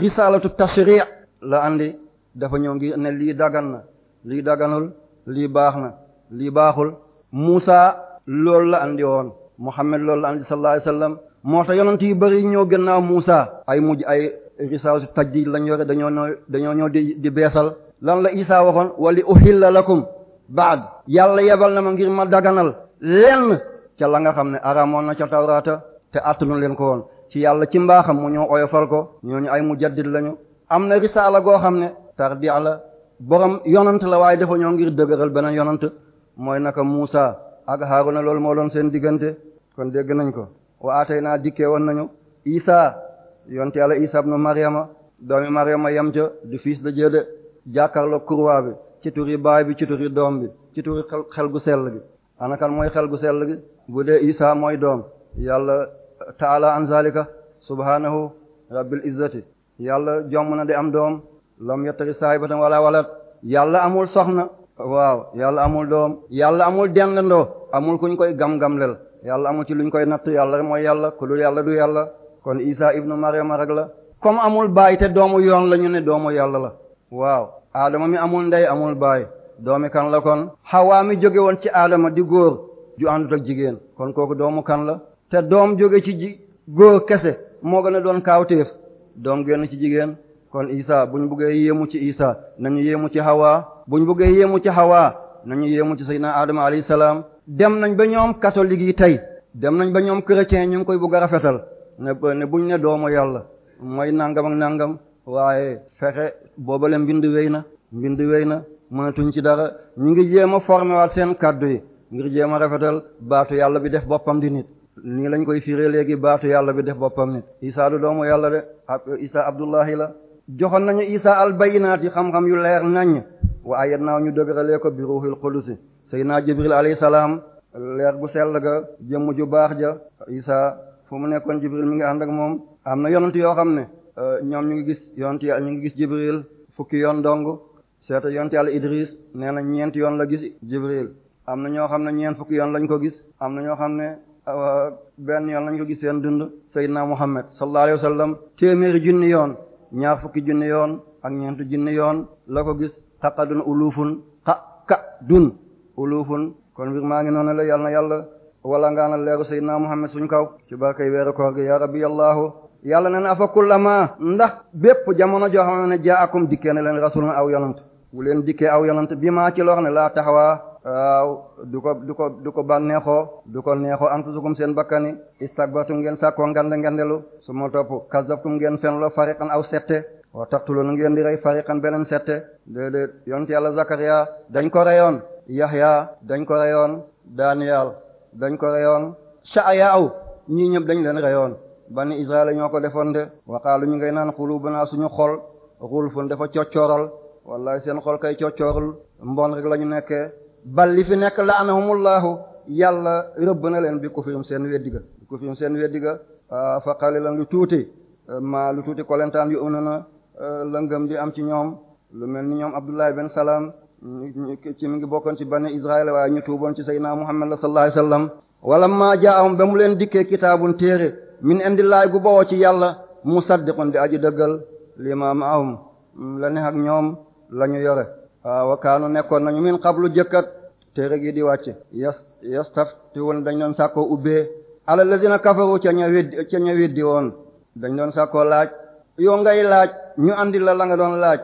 risalatu tashri' la andi dafa ñëw ngir ne lii dagan na lii daganul lii baax na lii baaxul Musa loolu la andi woon Muhammad loolu la andi sallallahu alayhi wasallam moo tax yonent yi bëri ñoo gannaaw Musa ay mujj ay risaal tajdiid lañ yore dañoo ñoo dañoo ñëw di di beesal lan la Isa waxoon wali uhilla lakum baad yàlla yebal na ma ngir ma daganal lenn ca la nga xam ne aramoon na ca tawraata te attanu leen ko woon ci yàlla ci mbaaxam mu ñoo oyofal ko ñooñu ay mujaddid lañu am na risaala tarbiya la borom yonant la waaye dafa ñoo ngir dëgëral beneen yonant mooy naka Muusa ak Haaruna loolu moo doon seen diggante kon dégg nañ ko wa atay naa dikkee woon nañu Isa yonte yàlla Isa ibn Maryama doomi Maryama yem ca du fils de Dieu de jàkkaarloo kurwaa bi ci baay bi ci turi doom bi ci turi xel gu sell gi anakan mooy xel gu sell gi bu dee Isa mooy doom yàlla taala an zalika subhanahu rabbil izzati yàlla jomm na di am doom loom lam yettali saahibatan wala walat yàlla amul soxna waaw yàlla amul doom yàlla amul dendandoo amul kuñ koy gam-gamlel yàlla amul ci luñ koy natt rek mooy yàlla ku dul yàlla du yàlla kon isa ibnu mariama rek la comme amul baay te doomu yoon la ñu ne doomu yàlla la waaw aadama mi amul ndey amul baay doomi kan la kon xawaa mi jóge woon ci aadama di góor ju àndut ak jigéen kon kooku doomu kan la te doom jóge ci ji góor kese moo gën a doon kaawteef doom génn ci jigéen kon Isa bu ñu bëggee yéemu ci na nañu yéemu ci Hawa bu ñu buggee yéemu ci Hawa nañu yéemu ci Seydina Adama alayhi salaam dem nañ ba ñoom catholique yi tey dem nañ ba ñoom chrétien ñu ngi koy bëgg a rafetal ne ne buñ ne doomu yàlla mooy nangam nàngam waaye fexe boobale mbind wéy na mbind wéy na mënatuñ ci dara ñu ngi jéem a formé seen kàddu yi ngir jéem a rafetal baatu yàlla bi def boppam di nit nii lañ koy firé léegi baatu yàlla bi def boppam nit Isa yàlla de Isa Abdullahi la. joxoon nañu isa al bayinaati xam-xam yu leer nañ wa ayat naaw ñu dëgëralee ko bi ruuxil qudusi naa jibril alayhi salaam leer gu sell ga jëmm ju baax ja isa fu mu nekkoon jibril mi ngi ànd ak moom am na yonent yoo xam ne euh, ñoom ñu ngi gis yonent yàlla ñu ngi gis jibril fukki yoon dong seeta yonent yàlla idris nee na ñeent yoon la gis jibril am na ñoo xam ne ñeent fukki yoon lañu ko gis am na ñoo xam ne euh, benn yoon lañ ko gis seen dund seydina muhammad sallallahu alayhi wasallam téeméeri junni yoon ñaar fukki junni yoon ak ñeenti junni yoon la ko gis ka ulufun xaqadun ulufun kon mbir maa ngi noonu la yàlla na yàlla wala ngaana leeru sayyidina Muhammad suñ kaw ci barkay weeru koor gi ya rabbi yàllaahu yàlla na ne afa kullama ndax bépp jamono joo xam ne jaa akum dikkee ne leen rasulun aw yonant dikkee aw bi maa ci loo ne laa taxawaa waaw du ko du ko du ko bànneexoo du ko neexoo anfusukum seen bakkani istakbartum ngeen sàkkoo ngande ngandelu su ma topp kazabtum ngeen fen lo fariqan aw sette wa taqtuluna ngeen di rey fariqan beneen sette déedéet yonent yàlla Zakariya dañ ko reyoon Yahya dañ ko reyoon Daniel dañ ko reyoon Sha'ya'u ñii ñëpp dañ leen reyoon bani Israël ñoo ko defoon de waqaalu ñu ngay naan xulubuna suñu xol xulfun dafa coccooral wallahi seen xol kay coccoorul mbon rek lañu nekkee bal li fi nekk laanahumullahu yàlla rëbb na leen bi kufrium seen weddiga bi kufrium seen weddiga ah, fa qalilan lu tuuti maa lu tuuti kolentaan yu umna na ah, la ngëm di am ci ñoom lu mel ni ñoom Abdullah ibn Salam ci mi ngi bokkoon ci bani Israël waaye ñu tuuboon ci sayyidina Muhammad sallallahu alayhi wasallam wala ma jaahum ba mu leen dikkee kitaabun téere min indillaay gu bowoo ci yàlla musaddiqun di aji dëggal lima maahum la neex ñoom la yore Ah, wa kaanu nekkoon nañu min xablu jëkkat téere gi di wàcce yas yastaftiwun dañ doon sàkkoo ubbee ala lazina kafaru ca ña weddi ca woon dañ doon sàkkoo laaj yow ngay laaj ñu andi la la nga doon laaj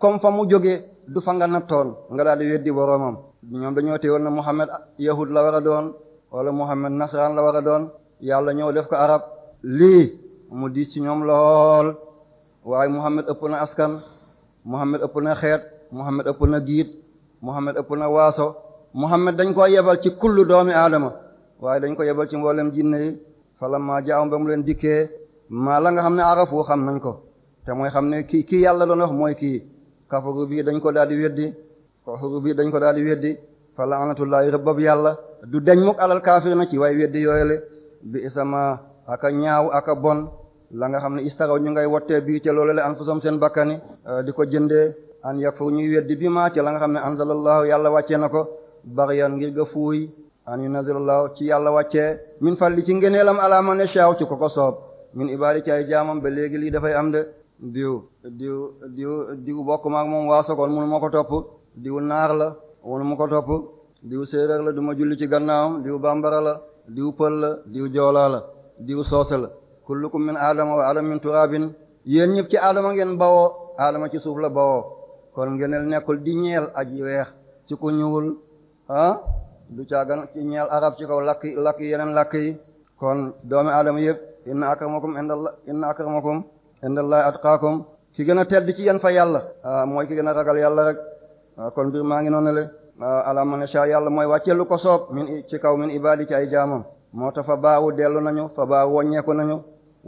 comme fa mu jóge du fanga nga nattoon nga daal di weddi boroomam ñoom dañoo téewoon na Muhammad yahud la war a doon wala Muhammad nasran la war a doon yàlla ñëw def ko arab lii mu di ci ñoom lool waaye Muhammad ëpp na askan Muhammad ëpp na xeet Muhammad ëpp na giit Muhammad ëpp na waaso Muhammad dañ ko yebal ci kullu doomi aadama waaye dañ ko yebal ci mboolem jinne yi falammaa jaa'um ba leen dikkee maa la nga xam ne arafu xam nañ ko te mooy xam ne kii kii yàlla doon wax mooy kii kafaru bi dañ ko daal di weddi kafaru bi dañ ko daal di weddi fa la'natullaahi rëbbab yàlla du deñ muk alal kaafir na ci waaye weddi yooyale bi isama aka ñaaw aka bon la nga xam ne istaraw ñu ngay wottee bii ca loolu la anfusam seen bakkani di ko jëndee an yakfur ñuy weddi bi maa ci la nga xam ne anzalallahu yàlla wàccee na ko bariyan ngir ga fuuy an yunazzilallahu ci yàlla wàccee min fàlli ci ngeneelam ala man yashaaw ci ko ko soob min ibaadi ci ay jaamam ba léegi lii dafay am de diw diw diw diw bokk maak moom waaso kon munu ma ko topp diw naar la munu mu ko topp diw séeréer la du ma julli ci gannaawam diw bambara la diw pël la diw joolaa la diw soose la kullukum min aadama wa aadama min turaabin yéen ñëpp ci aadama ngeen bawoo aadama ci suuf la bawoo kon ngëneel nekkul di ñeel aji weex ci ku ñuul ah du caagan ci ñeel arab ci kaw lakk lakk yeneen lakk yi kon doomi aadama yëpp inna akramakum indallah inna akramakum indallahi atqaakum ki gën a tedd ci yéen fa yàlla ah, mooy ki gën ragal yàlla rek ah, kon mbir maa ngi noonu le ah, ala man sha yàlla mooy wàccee ko soob min ci kaw min ibadi ci ay jaamam moo tax fa baaw dellu nañu fa baaw woññeeku nañu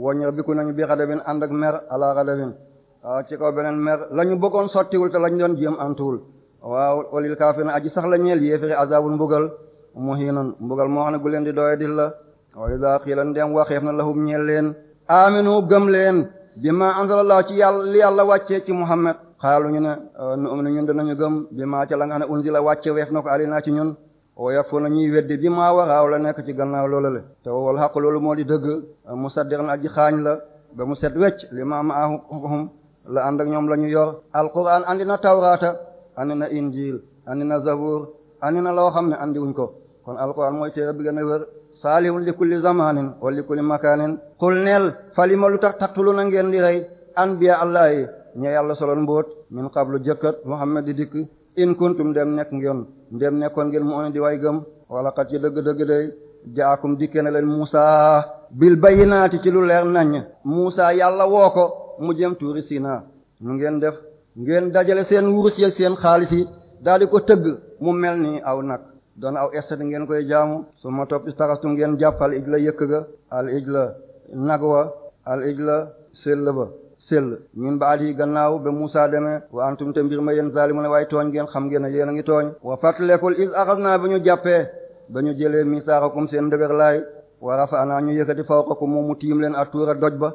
woññeeku nañu bi xadabin ànd ak mer ala xadabin waaw ci kaw beneen mer la ñu bëggoon sottiwul te la ñu doon jéem antuwul waaw walil kaafirina aji sax la ñeel yéefiri azabul mbugal muhinan mbugal moo xam ne gu leen di doye di la wa iza qiila ndem waxeef na lahum ñeel leen aminu gëm leen bima anzalallahu ci yàlla li yàlla wàccee ci muhammad xaalu ñu ne nu'minu euh, ñun ñu gëm bima ca la nga xam ne unzila wàcce weef na ko alina ci ñun wa yakfuruna ñuy weddi bima waraaw la nekk ci gannaaw loola le te wal xaq loolu moo di dëgg musaddiqan aji xaañ la ba mu set wecc lima ma'ahum la ànd ak ñoom lañu ñu yor alquran andi na tawraata andi na injil andi na zabur na loo xam ne andiwuñ ko kon alquran mooy téere bi gën a wër saalihun li kulli zamanin wa li kulli makaanin qul neel falima lu tax taqtulu na ngeen di rey anbiya allahi ñe yàlla soloon mbóot min qablu jëkkat muhammad di dikk in kuntum dem nekk ngeen dem nekkoon ngeen mu di way gëm wala xat ci dëgg-dëgg day jaakum dikkee na leen Musa bil bayyinaati ci lu leer nañ mu jëm tuuri naa mu ngeen def ngeen dajale seen wurus yeeg seen xaalis yi daal di ko tëgg mu mel ni aw nag doon aw este estet ngeen koy jaamu su ma topp istarastu ngeen jàpp al ijla yëkk ga al ijla nag wa al la sell ba sell min baat yi gannaaw ba Musa demee wa antum te mbir ma yéen zalimu ne waaye tooñ ngeen xam ngeen yéen a ngi tooñ wa fatlekul is axas naa ba ñu jàppee ba ñu jëlee kom seen dëgër laay wa rafa naa ñu yëkkati fawqakum moomu tiim leen a tuura doj ba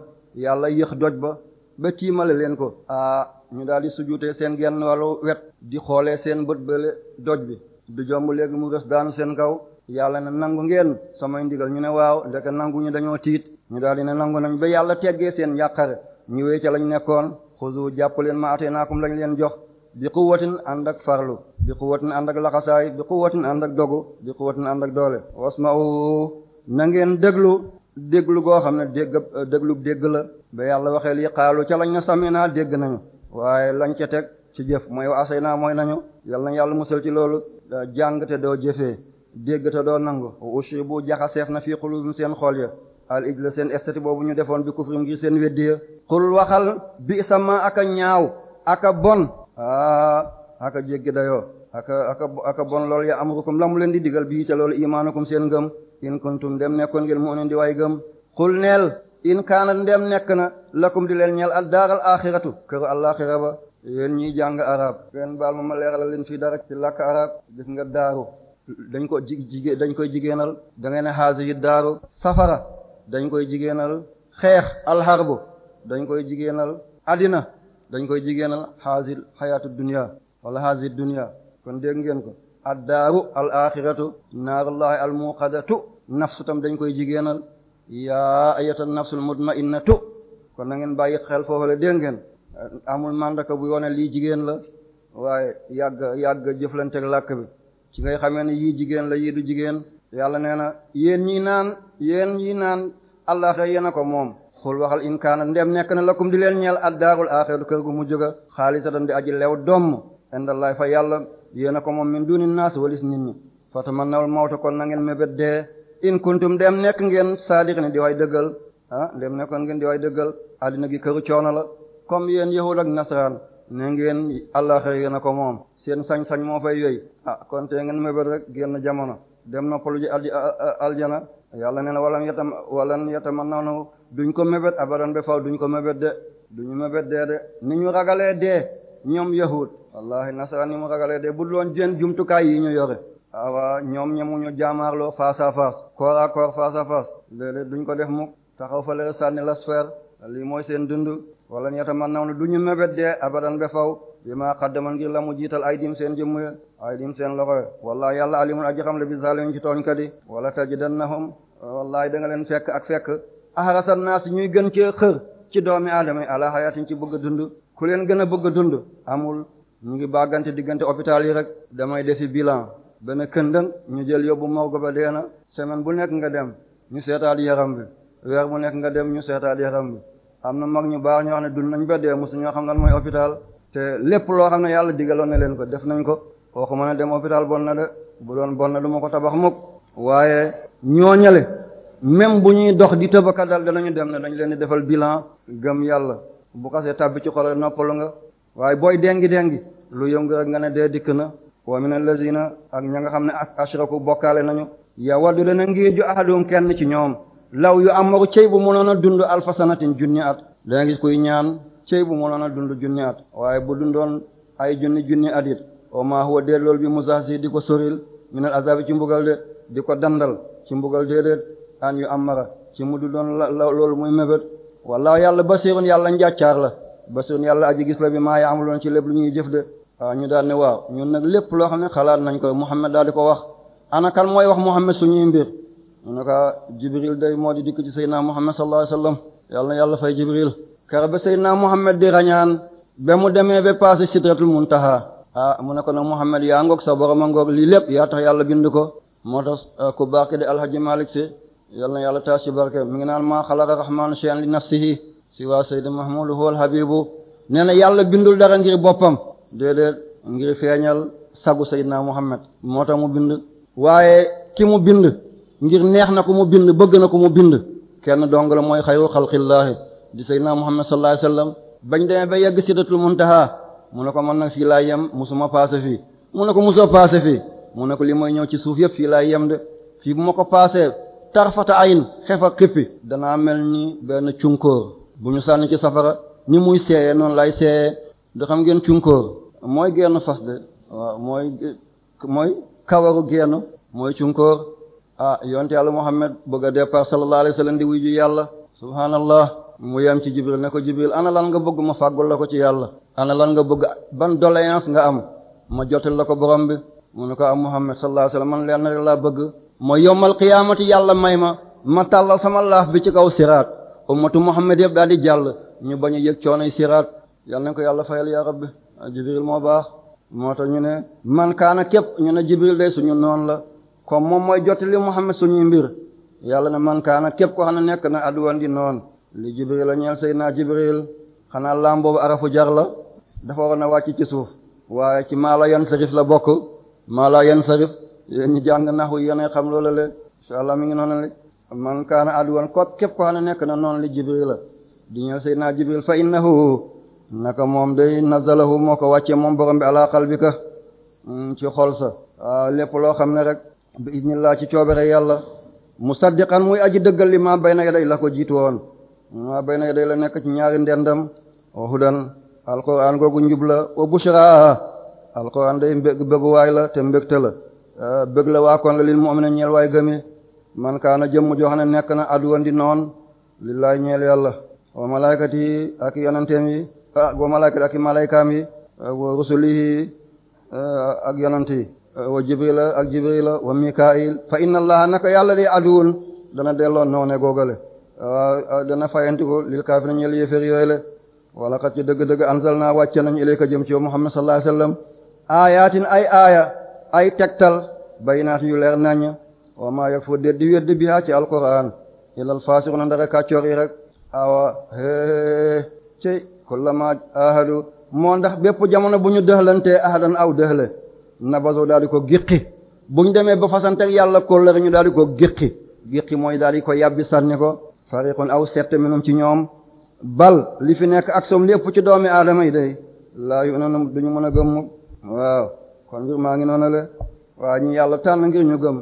yàlla yëx doj ba ba tiimale leen ko ah ñu daal di sujutee seen genn wàllu wet di xoolee seen bët bële doj bi du jomb léegi mu rës daan seen kaw yàlla na nangu ngeen samay ndigal ñu ne waaw ndeke nangu ñu dañoo tiit ñu daal di na nangu nañ ba yàlla teggee seen yàqare ñu wéy ca lañ nekkoon xuzu jàpp leen ma atee naakum lañ leen jox bi quwwatin ànd ak farlu bi quwwatin ànd ak laxasaay bi quwwatin ànd ak dogu bi quwwatin ànd ak doole wasma'u na ngeen déglu déglu goo xam ne dégg déglu dégg la ba yàlla waxeel lii xaalu ca lañ na sami naa dégg nañu waaye lañ ca teg ci jëf mooy wa asay naa mooy nañu yàlla na yàlla musal ci loolu jàng te doo jëfee dégg te doo nangu ushi bu jaxaseef na fii xulubum seen xool ya al ijla seen estati boobu ñu defoon bi kufrim ngir seen weddi ya xul waxal bi sama aka ñaaw aka bon aa aka jéggi dayoo aka aka aka bon loolu ya amrukum la mu leen di digal bii ca loolu imaanukum seen ngëm in kuntum dem nekkoon ngeen mu'minin di way gam xul neel in kaanat ndem nekk na lakum di leen ñeel al daaral axiratu kër àllaaxira ba yéen ñiy jàng arab benn baal ma ma leeralal leen fii dara ci làkk arab gis nga daaru dañ ko ji jigé dañ koy jigeenal da ngay ne haasihi daaru safara dañ koy jigéenal xeex alxarbu dañ koy jigéenal adina dañ koy jigéenal haazil xayaatu dunya wala haazil dunya kon dégg ngeen ko addaaru al axiratu naarullahi al muqadatu nafsu tam dañ koy jigéenal yaa ayata nafsul mutma'innatu kon na ngeen bàyyi xel foofu la dégg ngeen amul mandaka bu yoone lii jigéen la waaye yàgg yàgg jëflante lakk bi ci ngay xamee ne yii jigéen la yii du jigéen yàlla nee na yéen ñi naan yéen ñi naan allaxira ko moom xul waxal in kaana ndem nekk na lakum di leen ñeel addaarul axiratu kër gu mujj ga xaalisatan di aji lew domm indallahi fa yàlla yéen a ko moom min duni naas walis nit ñi fatamannawul mawta kon na ngeen mébét dee in kuntum dem nekk ngeen saadiqin di way dëggal ah dem nekkoon ngeen di way dëggal addina gi këru coono la comme yéen yahud ak nasaraan ne ngeen àllaxira yéen a ko moom seen sañ-sañ moo fay yooyu ah kon tee ngeen mébét rek génn jamono dem na polu ji al aljana yàlla nee na walan yetam walan yatamannawnahu duñ ko mébét abadan be faw duñ ko mébét de duñu mébét dee de ni ñu ragalee dee ñoom yahud wallahi nasaraan ni mu ragale de bu doon jën jumtukaay yi ñu yore ah awa ñoom ñemuñu jaamaarloo face à face corps à corps face à face léeg-léeg duñ ko def mukk taxaw fa leer sànni la sphère lii mooy seen dund wala ñeeta man na ne du ñu mébét dee abadan ba faw bi maa xaddaman ngir la mu jiital ay dim seen jëmm ya ay seen loxo ya wala yàlla alimun aji xam le bi zalimin ci tooñ kat yi wala tajidannahum wallahi da nga leen fekk ak fekk ahrasan naas ñuy gën cee xër ci doomi aadama ala hayatin ci bëgg a ku leen gën a bëgg a dund ñu ngi bàggante diggante hôpital yi rek damay defi bilan benn këndëng ñu jël yóbbu morgue ba dee na semaine bu nekk nga dem ñu seetaat yaram bi weer bu nekk nga dem ñu seetaat yaram bi am na mag ñu baax ñoo xam ne dund nañ ba dee mosu ñoo xam na mooy hôpital te lépp loo xam ne yàlla digaloon na leen ko def nañ ko ko mën a dem hôpital bon na de bu doon bon na du ma ko tabax mukk waaye ñooñale même bu ñuy dox di tëbaka dal ñu dem na dañ leen di defal bilan gëm yàlla bu xasee tàbbi ci xol noppalu nga waaye booy dengi dengi lu yëngu rek nga ne dee dikk na wa min allazina ak ña nga xam ne ashraku bokkaale nañu yawaddu dana ngiiju ahaduhum kenn ci ñoom law yu amaru cey bu mënoon a dund alfa sanatin junni at da nga gis kuy ñaan cey bu mënoon a dund junni at waaye bu dundoon ay junni junni at it wa maa huwa dee lool bi musasi di ko soril minal azabi ci mbugal de di ko dandal ci mbugal déedéet an yu amara ci mu dundoon loolu muy mébét wallaahu yàlla basirun yàlla njàccaar la ba sun yàlla aji gis la bi maa yaamaloon ci lépp lu ñuy jëf de waaw ñu daal ne waaw ñun nag lépp loo xam ne xalaat nañ ko Muhammad daal di ko wax ana kan mooy wax Muhammad suñuy mbir ñu ne ko Jibril day moo di dikk ci Seydina Muhammad sallallahu alayhi wasallam yàlla na yàlla fay Jibril kara ba Seydina Muhammad di rañaan ba mu demee ba passé sidratul muntaha ah mu ne ko nag Muhammad yaa ngoog sa borom a ngoog lii lépp yaa tax yàlla bind ko moo tax ah, ku barke de Alhaji Malick si na yàlla taas ci mi ngi naan maa xalaqa rahmaanu shay'an li nafsihi siwaa waa Seydou Mahmoud huwal Habibu nee na yàlla bindul dara ngir boppam déedéet ngir feeñal sagu Seydina Muhammad moo tax mu bind waaye ki mu bind ngir neex na ko mu bind bëgg na ko mu bind kenn dong la mooy xayru xalqillaahi di Seydina Muhammad sallallahu alayhi wasallam bañ demee ba yegg sidratul muntaha mu ne ko mën nag fii laa yem musuma passé fii mu ne ko musoo passé fii mu ne ko li mooy ñëw ci suuf yëpp fii laa yem de fii bu ma ko passé tarfata ayin xef danaa mel ni benn cunkóor bu ñu sànni ci safara ni muy seeyee noonu lay seeyee da xam ngeen cunkóor mooy genn fas de waaw mooy mooy kawaru genn mooy cunkóor ah yonte yàlla Muhammad bëgg a départ sallallahu alayhi wa sallam di wuyu yàlla subhanallah mu yem ci jibril ne ko jibril ana lan nga bëgg ma fàggul la ko ci yàlla ana lan nga bëgg ban doléance nga am ma jotal la ko borom bi mu ne ko am ah, Muhammad sallallahu alayhi man leen rek laa bëgg ma yomal qiyaamati yàlla may ma ma tàllal sama bi ci kaw siraat ummatu Muhammad yëpp daal di jàll ñu bañ a yëg coonoy siraat yal nañ ko yàlla fayal yaa rabbi Jibril moo baax moo tax ñu ne man kaana képp ñu ne Jibril day suñu noon la comme moom mooy jottali Muhammad suñuy mbir yàlla na man kaana képp ko xam ne nekk na aduwan di noonu li Jibril la ñeel Seydina Jibril xanaa laam boobu arafu jar la dafa waroon a wàcc ci suuf waaye ci maala yan sarif la bokk maala yan sarif yéen ñi jàng naxu yéen xam loola le mi ngi noonu man kaana aduwan ko képp ko xam nekk na noonu li jibril la di ñëw sayyidina jibril fa innahu naka moom day nazalahu moo ko wàccee moom borom bi ala qalbika mm, ci xol sa ah, loo xam ne rek bi iznillah ci coobere yàlla mu musaddiqan muy aji dëggal li maa bayna yaday la ko jiitu woon maa bayna yaday la nekk ci ñaari ndendam wa hudan alquran googu njub la wa bushra alquran day mbég bëgguwaay la te mbégte la ah, bëgg la waa kon la lil mu'minin ñeel waay gëmi man kaana jëmm joo xam ne nekk na aduwan di noon lillaay ñeel yàlla wa malaykati ak yonanteem yi ah, wa malaykati ak malaykaam yi ah, wa rusulihi ah, ak yonant yi wa jibrila ak jibrila wa mikail fa inna allaha naka yàlla di aduwun dana delloo noone googale dana fayantiku lil kaafir ñeel yéefér yooyu le wala kat ci dëgg-dëgg anzal naa wàcce nañ ilayka jëm ci yow muhammad sallallahu alayhi wasallam ayatin ay aya ay tegtal bayinaat yu leer nañ wa maa yag foo déet di weddi bi haa ci alquran illal faasiquna ndare kàccoor yi rek awa hee cey kullama ahadu moo ndax bépp jamono bu ñu dëxlantee ahadan aw dëxle nabaso daal di ko giqi bu ñu demee ba fasanteeg yàlla kóllëre ñu daal di ko giqi giqi mooy daal di ko yàbbi sànni ko fariqun aw sett minum ci ñoom bal li fi nekk ak soom lépp ci doomi aadama yi day laa yu noonu duñu mën a gëm waaw kon ngir maa ngi noonu la waa ñi yàlla tànn ngir ñu gëm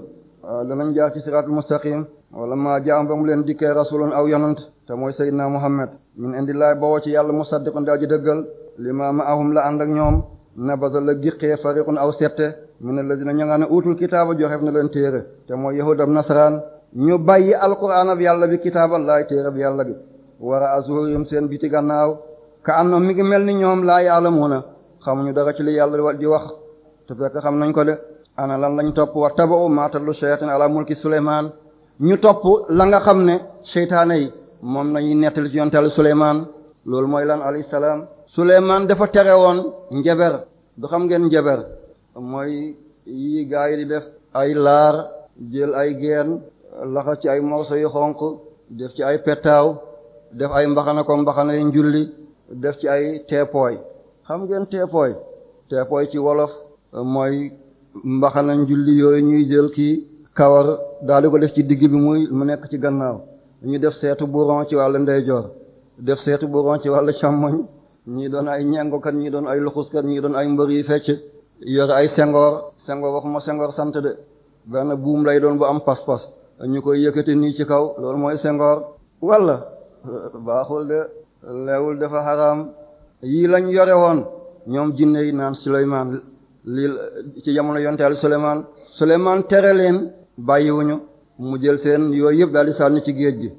Euh, danañ jaar ci siraatul mustaqim wala maa jaam ba mu leen dikkee rasulun aw yonant te mooy sayyidina muhammad min indillaay bawoo ci yàlla musaddiqun daal ji dëggal lima ma'ahum la ànd ak ñoom nabaza la giqee fariqun aw sette min allazina ña ngaa ne uutul kitaaba joxeef na leen téere te mooy yahud ab nasaraan ñu bàyyi alquran ab yàlla bi kitaaballaay téere ab yàlla gi wara azuhurihim seen biti gannaaw ka anno mi ngi mel ni ñoom laa yàlla di wax ana lan lañ topp wa tabawu maatalu shayaatin ala mulki suleymaan ñu topp la nga xam ne seytaane yi moom lañuy nettali ci yonteelu suleymaan loolu mooy lan alayhi salaam suleymaan dafa tere woon njeber du xam ngeen njeber mooy yi gaa yi di def ay laar jël ay geen laxa ci ay morso yu xonq def ci ay pettaaw def ay mbaxana ko mbaxana yu njulli def ci ay teepooy xam ngeen teepooy teepooy ci wolof mooy mbaxana njulli yooyu ñuy jël kii kawar daal di ko def ci digg bi muy mu nekk ci gannaaw ñu def seetu bu ci wàll ndeyjoor def seetu bu ci wàll càmmoñ ñii doon ay ñengokat ñii doon ay luxuskat ñii doon ay mbër yi fecc yore ay sengoor sengoor waxuma sengoor sant de benn buum lay doon bu am pas-pas ñu koy yëkkati nii ci kaw loolu mooy sengoor walla baaxul de leewul dafa xaraam yii lañ yore woon ñoom jinne yi naan Suleymaan lii ci jamono yonteel Souleymane Souleymane tere leen bàyyiwuñu mu jël seen yooyu yëpp daal di sànni ci géej gi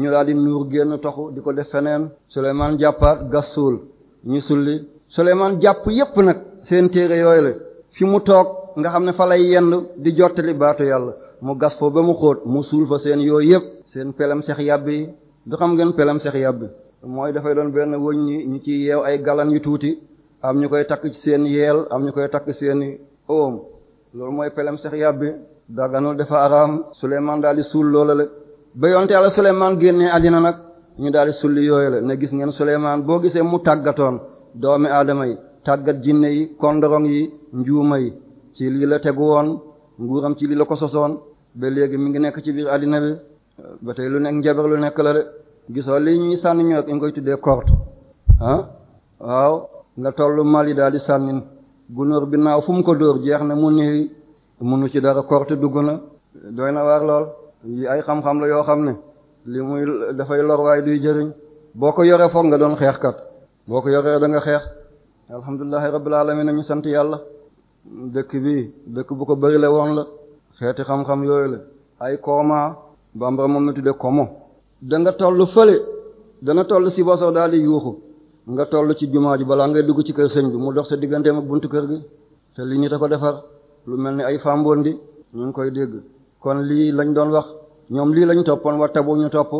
ñu daal di nuur génn toxu di ko def feneen Souleymane jàppaat gas suul ñu sulli Souleymane jàpp yëpp nag seen téere yooyu la fi mu toog nga xam ne fa lay yendu di jottali baatu yàlla mu gas foo ba mu xoot mu suul fa seen yooyu yëpp seen pelem sex yàbbi du xam ngeen pelem sex yàbbi mooy dafay doon benn wëñ ñi ñu ci yeew ay galan yu tuuti am ñu koy takk ci seen yeel am ñu koy takk seen i oom loolu mooy pelem sex yàbbi daganul dafa araam Souleymane daal di suul loola la ba yonte yàlla Souleymane génnee àddina nag ñu daal di sulli yooyu la ne gis ngeen Souleymane boo gisee mu tàggatoon doomi aadama yi tàggat jinne yi kondorong yi njuuma yi ci lii la tegu woon nguuram ci lii la ko sosoon ba léegi mi ngi nekk ci biir àddina bi ba tey lu nekk njabar lu nekk la de gisoo li ñuy sànni ñoo ak ñu koy tuddee korte ah? nga tollu Mali daal di sànnin gunóor bi naaw fu mu ko dóor jeex na mu niiri munu ci dara korte dugg na doy na waar lool yi ay xam-xam la yoo xam ne li muy dafay lor waaye duy jëriñ boo ko yore foog nga doon kat boo ko yoree da nga xeex alhamdulillahi rabbil alamin nañu sant yàlla dëkk bi dëkk bu ko bari la woon la xeeti xam-xam yooyu la ay kooma bambara moom la tudde komo da nga toll fële dana toll si boso daal di yuuxu nga toll ci jumaa ji balaa ngay dugg ci kër sëñ bi mu dox sa digganteem ak buntu kër gi te lii nit a ko defar lu mel ni ay fambondi ñu ngi koy dégg kon lii lañ doon wax ñoom lii lañ toppoon wa tabu ñu topp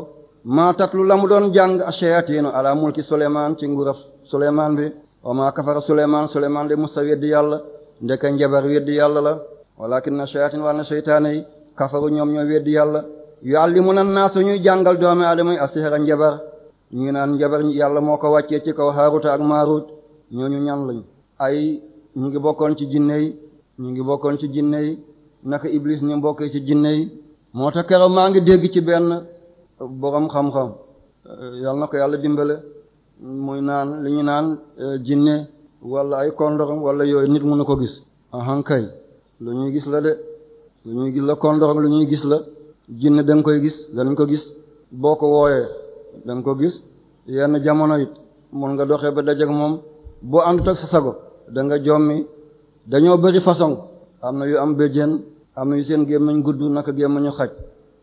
maa tatlu la mu doon jàng ash-shayaatiinu ala mulki Souleymane ci nguuraf Souleymane bi wa maa kafara Souleymane Souleymane de musta weddi yàlla ndeke njabar weddi yàlla la walaakinna shayaatiin wa na shaytaane yi kafaru ñoom ñoo weddi yàlla yu'allimuna an-naasa ñuy jàngal doomi aadama njabar ñu ngi naan njabar yàlla moo ko wàccee ci kaw Haaruta ak Maaruut ñooñu ñan lañ ay ñu ngi bokkoon ci jinne yi ñu ngi bokkoon ci jinne yi naka ñu bokkee ci jinne yi moo tax keroog maa ngi dégg ci benn uh, borom xam-xam uh, yal na ko yàlla dimbale muy naan li ñu naan uh, jinne wala ay kondorom wala yooyu nit mënu ko gis ahan kay lu ñuy gis la de lu ñuy gis la kondorom lu ñuy gis la jinne da koy gis danañ ko gis boo ko wooyee dañ ko gis yenn jamono it mun nga doxee ba dajeek moom boo àndut ak sa sago da nga jommi dañoo bëri façon am na yu am béjjén am na yu seen gémmañ gudd naka gémmañu xaj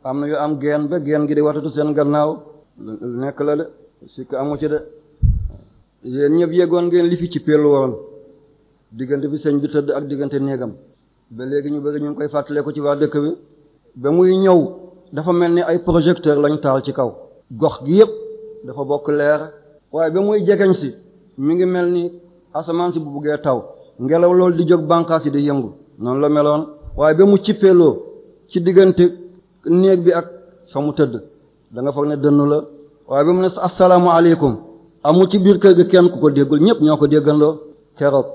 am na yu am geen ba geen gi di watatu seen gannaaw lu nekk la de sikk amu ci de yéen ñëpp yëgoon ngeen li fi ci pellu woon diggante bi sëñ bi tëdd ak diggante néegam ba léegi ñu bëri ñu ngi koy fàttalee ko ci waa dëkk bi ba muy ñëw dafa mel ni ay projecteur lañ taal ci kaw gox gi yëpp dafa bokk leer waaye ba muy jegeñ si mu ngi mel ni asamaan si bu buggee taw ngelaw loolu di jóg bànqaas yi di yëngu noonu la meloon waaye ba mu cippeeloo ci diggante néeg bi ak fa mu tëdd da nga foog ne dënnu la waaye ba mu ne assalaamu aleykum amul ci biir kër gi kenn ku ko déggul ñëpp ñoo ko déggandoo keroog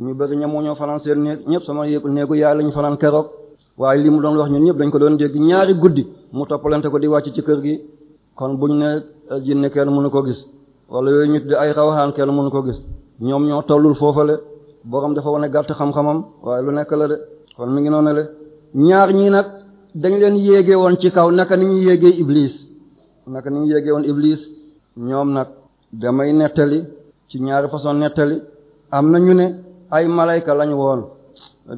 ñu bëri ñamoo ñoo fanaan seen néeg ñëpp sama néegu yaay la ñu fanaan keroog waaye li mu doon wax ñun ñëpp dañ ko doon dégg ñaari guddi mu toppalante ko di wàcc ci kër gi kon buñ ne eh, jinne kenn mënu ko gis wala yooyu ñu di ay rawaxaan mënu ko gis ñoom ñoo tollul foofale borom dafa wane gàtt xam-xamam waaye lu nekk la de mi ngi noonu le ñaar ñii nag dañ leen yéege woon ci kaw naka ni ñu yéegee iblis naka woon iblis ñoom nag damay nettali ci ñaari façon nettali am na ne ay malayka lañu woon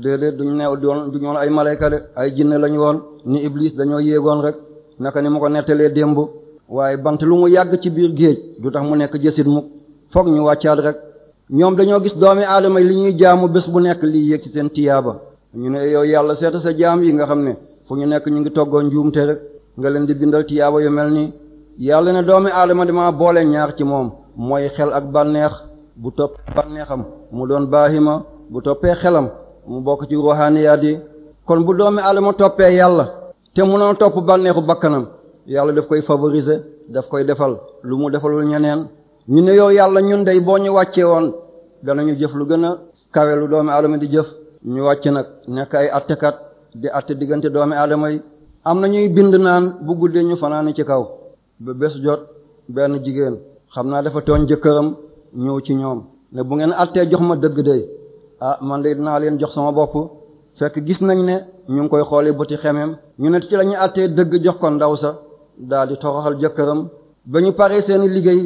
déedéet duñ ne doon du ñoon ay malayka de ay jinne lañu woon ni iblis dañoo yéegoon rek naka ni ma ko nettalee démb waaye bant lu mu yàgg ci biir géej du tax mu nekk jësit mukk foog ñu wàccaat rek ñoom dañoo gis doomi aadama li ñuy jaamu bés bu nekk lii yéeg ci seen tiyaaba ñu ne yow yàlla seeta sa jaam yi nga xam ne fu ñu nekk ñu ngi toggoo njuumte rek nga leen di bindal tiyaaba yu mel nii yàlla ne doomi aadama dama boole ñaar ci moom mooy xel ak bànneex bu topp bànneexam mu doon ma bu toppee xelam mu bokk ci ruuxaaniyaat yi kon bu doomi aadama toppee yàlla te mënoo topp bànneexu bakkanam yàlla daf koy favoriser daf koy defal lu mu defalul ñeneen ñu ne yow yàlla ñun day boo ñu wàccee woon danañu jëf lu gën a kawe lu doomi aadama di jëf ñu wàcc nag nekk ay attekat di atte diggante doomi aadama yi am na ñuy bind naan bu guddee ñu fanaani ci kaw ba bés jot benn jigéen xam naa dafa tooñ jëkkëram ñëw ci ñoom ne bu ngeen attee jox ma dëgg de ah man de dinaa leen jox sama bopp fekk gis nañ ne ñu ngi koy xoolee bëti xemem ñu ne ci ñu attee dëgg jox ko ndaw sa daal di toroxal jëkkëram ba ñu paree seen liggéey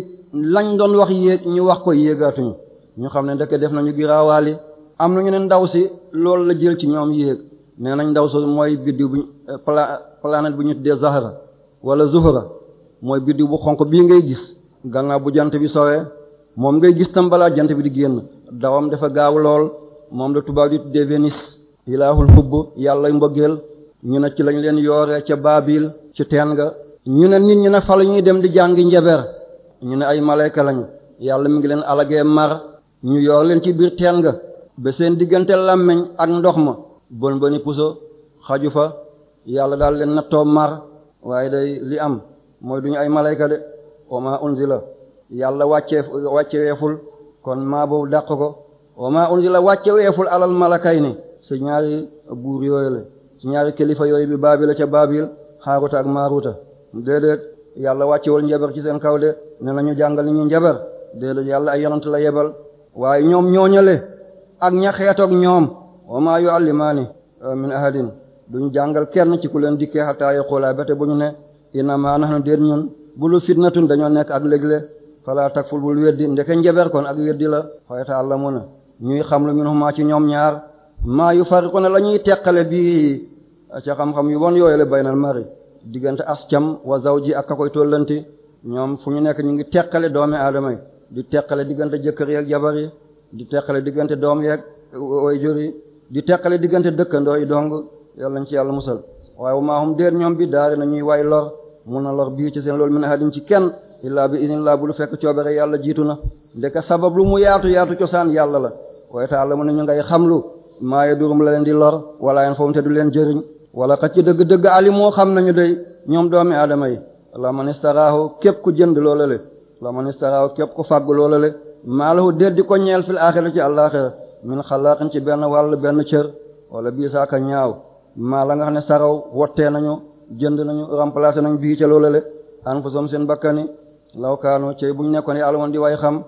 lañ doon wax yéeg ñu wax ko yéegaatuñu ñu xam ne ndeke def nañu giraawaali am na ñu ne ndaw si loolu la jël ci ñoom yéeg nee nañ ndaw si mooy biddiw bu euh, planète bu ñu tuddee Zahra wala Zuhra mooy biddiw bu xonq bii ngay gis gannaaw bu jant bi sowee moom ngay gis tam balaa jant bi di génn dawam dafa gaaw lool moom la tubaab di tuddee Vénus ilaahul hubb yàlla mbëggeel ñu ne ci lañu leen yooree ca Baabil ci teen nga ñu ne nit ñu ne fa la ñuy dem di jàngi njeber ñu ne ay malayka lañu yàlla mi ngi leen alagee mar ñu yoor leen ci biir teen nga ba seen diggante làmmiñ ak ndox ma bon boni puso xaju fa yàlla daal leen nattoo mar waaye day li am mooy duñu ay malayka de wama unzila yàlla wàccee wàcce weeful kon maa boobu dàq ko wama unzila wàcce weeful alal malakay ni si ñaari buur yooyu la si ñaari kilifa yooyu bi baabil la ca baabil xaaruta ak maaruta déedéet yàlla wàccewul njabar ci seen kaw de ne nañu jàngal ni ñu njabar déedéet yàlla ay yonent la yebal waaye ñoom ñooñale ak ña xeetoog ñoom wa maa yu'allimaani min ahadin duñ jàngal kenn ci ku leen dikkee xataa yaqulaa bate bu ñu ne innamaa nahnu déet ñun bu lu fitnatun dañoo nekk ak légle falaa takful bul weddi ndeke njabar kon ak weddi la xooyta àlla mu ne ñuy xam lu minhumaa ci ñoom ñaar maa yufarriquna la ñuy teqale bii ca xam-xam yu bon yooyale baynal mari diggante as cam wa zawji ak ka koy tollanti ñoom fu ñu nekk ñu ngi teqale doomi aadama yi di teqale diggante jëkkër yeeg jabar yi di teqale diggante doom yeeg way jori di teqale diggante dëkkandoo yi dong yàlla nañ ci yàlla musal waaye wu maa hum déet ñoom bi daari na ñuy way lor mun na lor bii ci seen loolu min ahadin ci kenn illaa bi idnillah bu lu fekk coobere yàlla jiitu na ndeka sabab lu mu yaatu yaatu cosaan yàlla la waaye taala mu ne ñu ngay xamlu maaye durum la leen di lor wala yeen te du leen jëriñ wala xat ci dëgg-dëgg ali moo xam nañu day ñoom doomi aadama yi la man istaraahu képp ku jënd loola le la man istaraahu képp ku fàgg loola le maalahu déddi ko ñeel fil axira ci àllaaxira min xalaaqin ci benn wàll benn cër wala bii saaka ñaaw maa la nga xam ne saraw wottee nañu jënd nañu remplacé nañu bii ca loola le anfusum seen bakkani law kaanu cey buñ nekkoon yàlla woon di way xam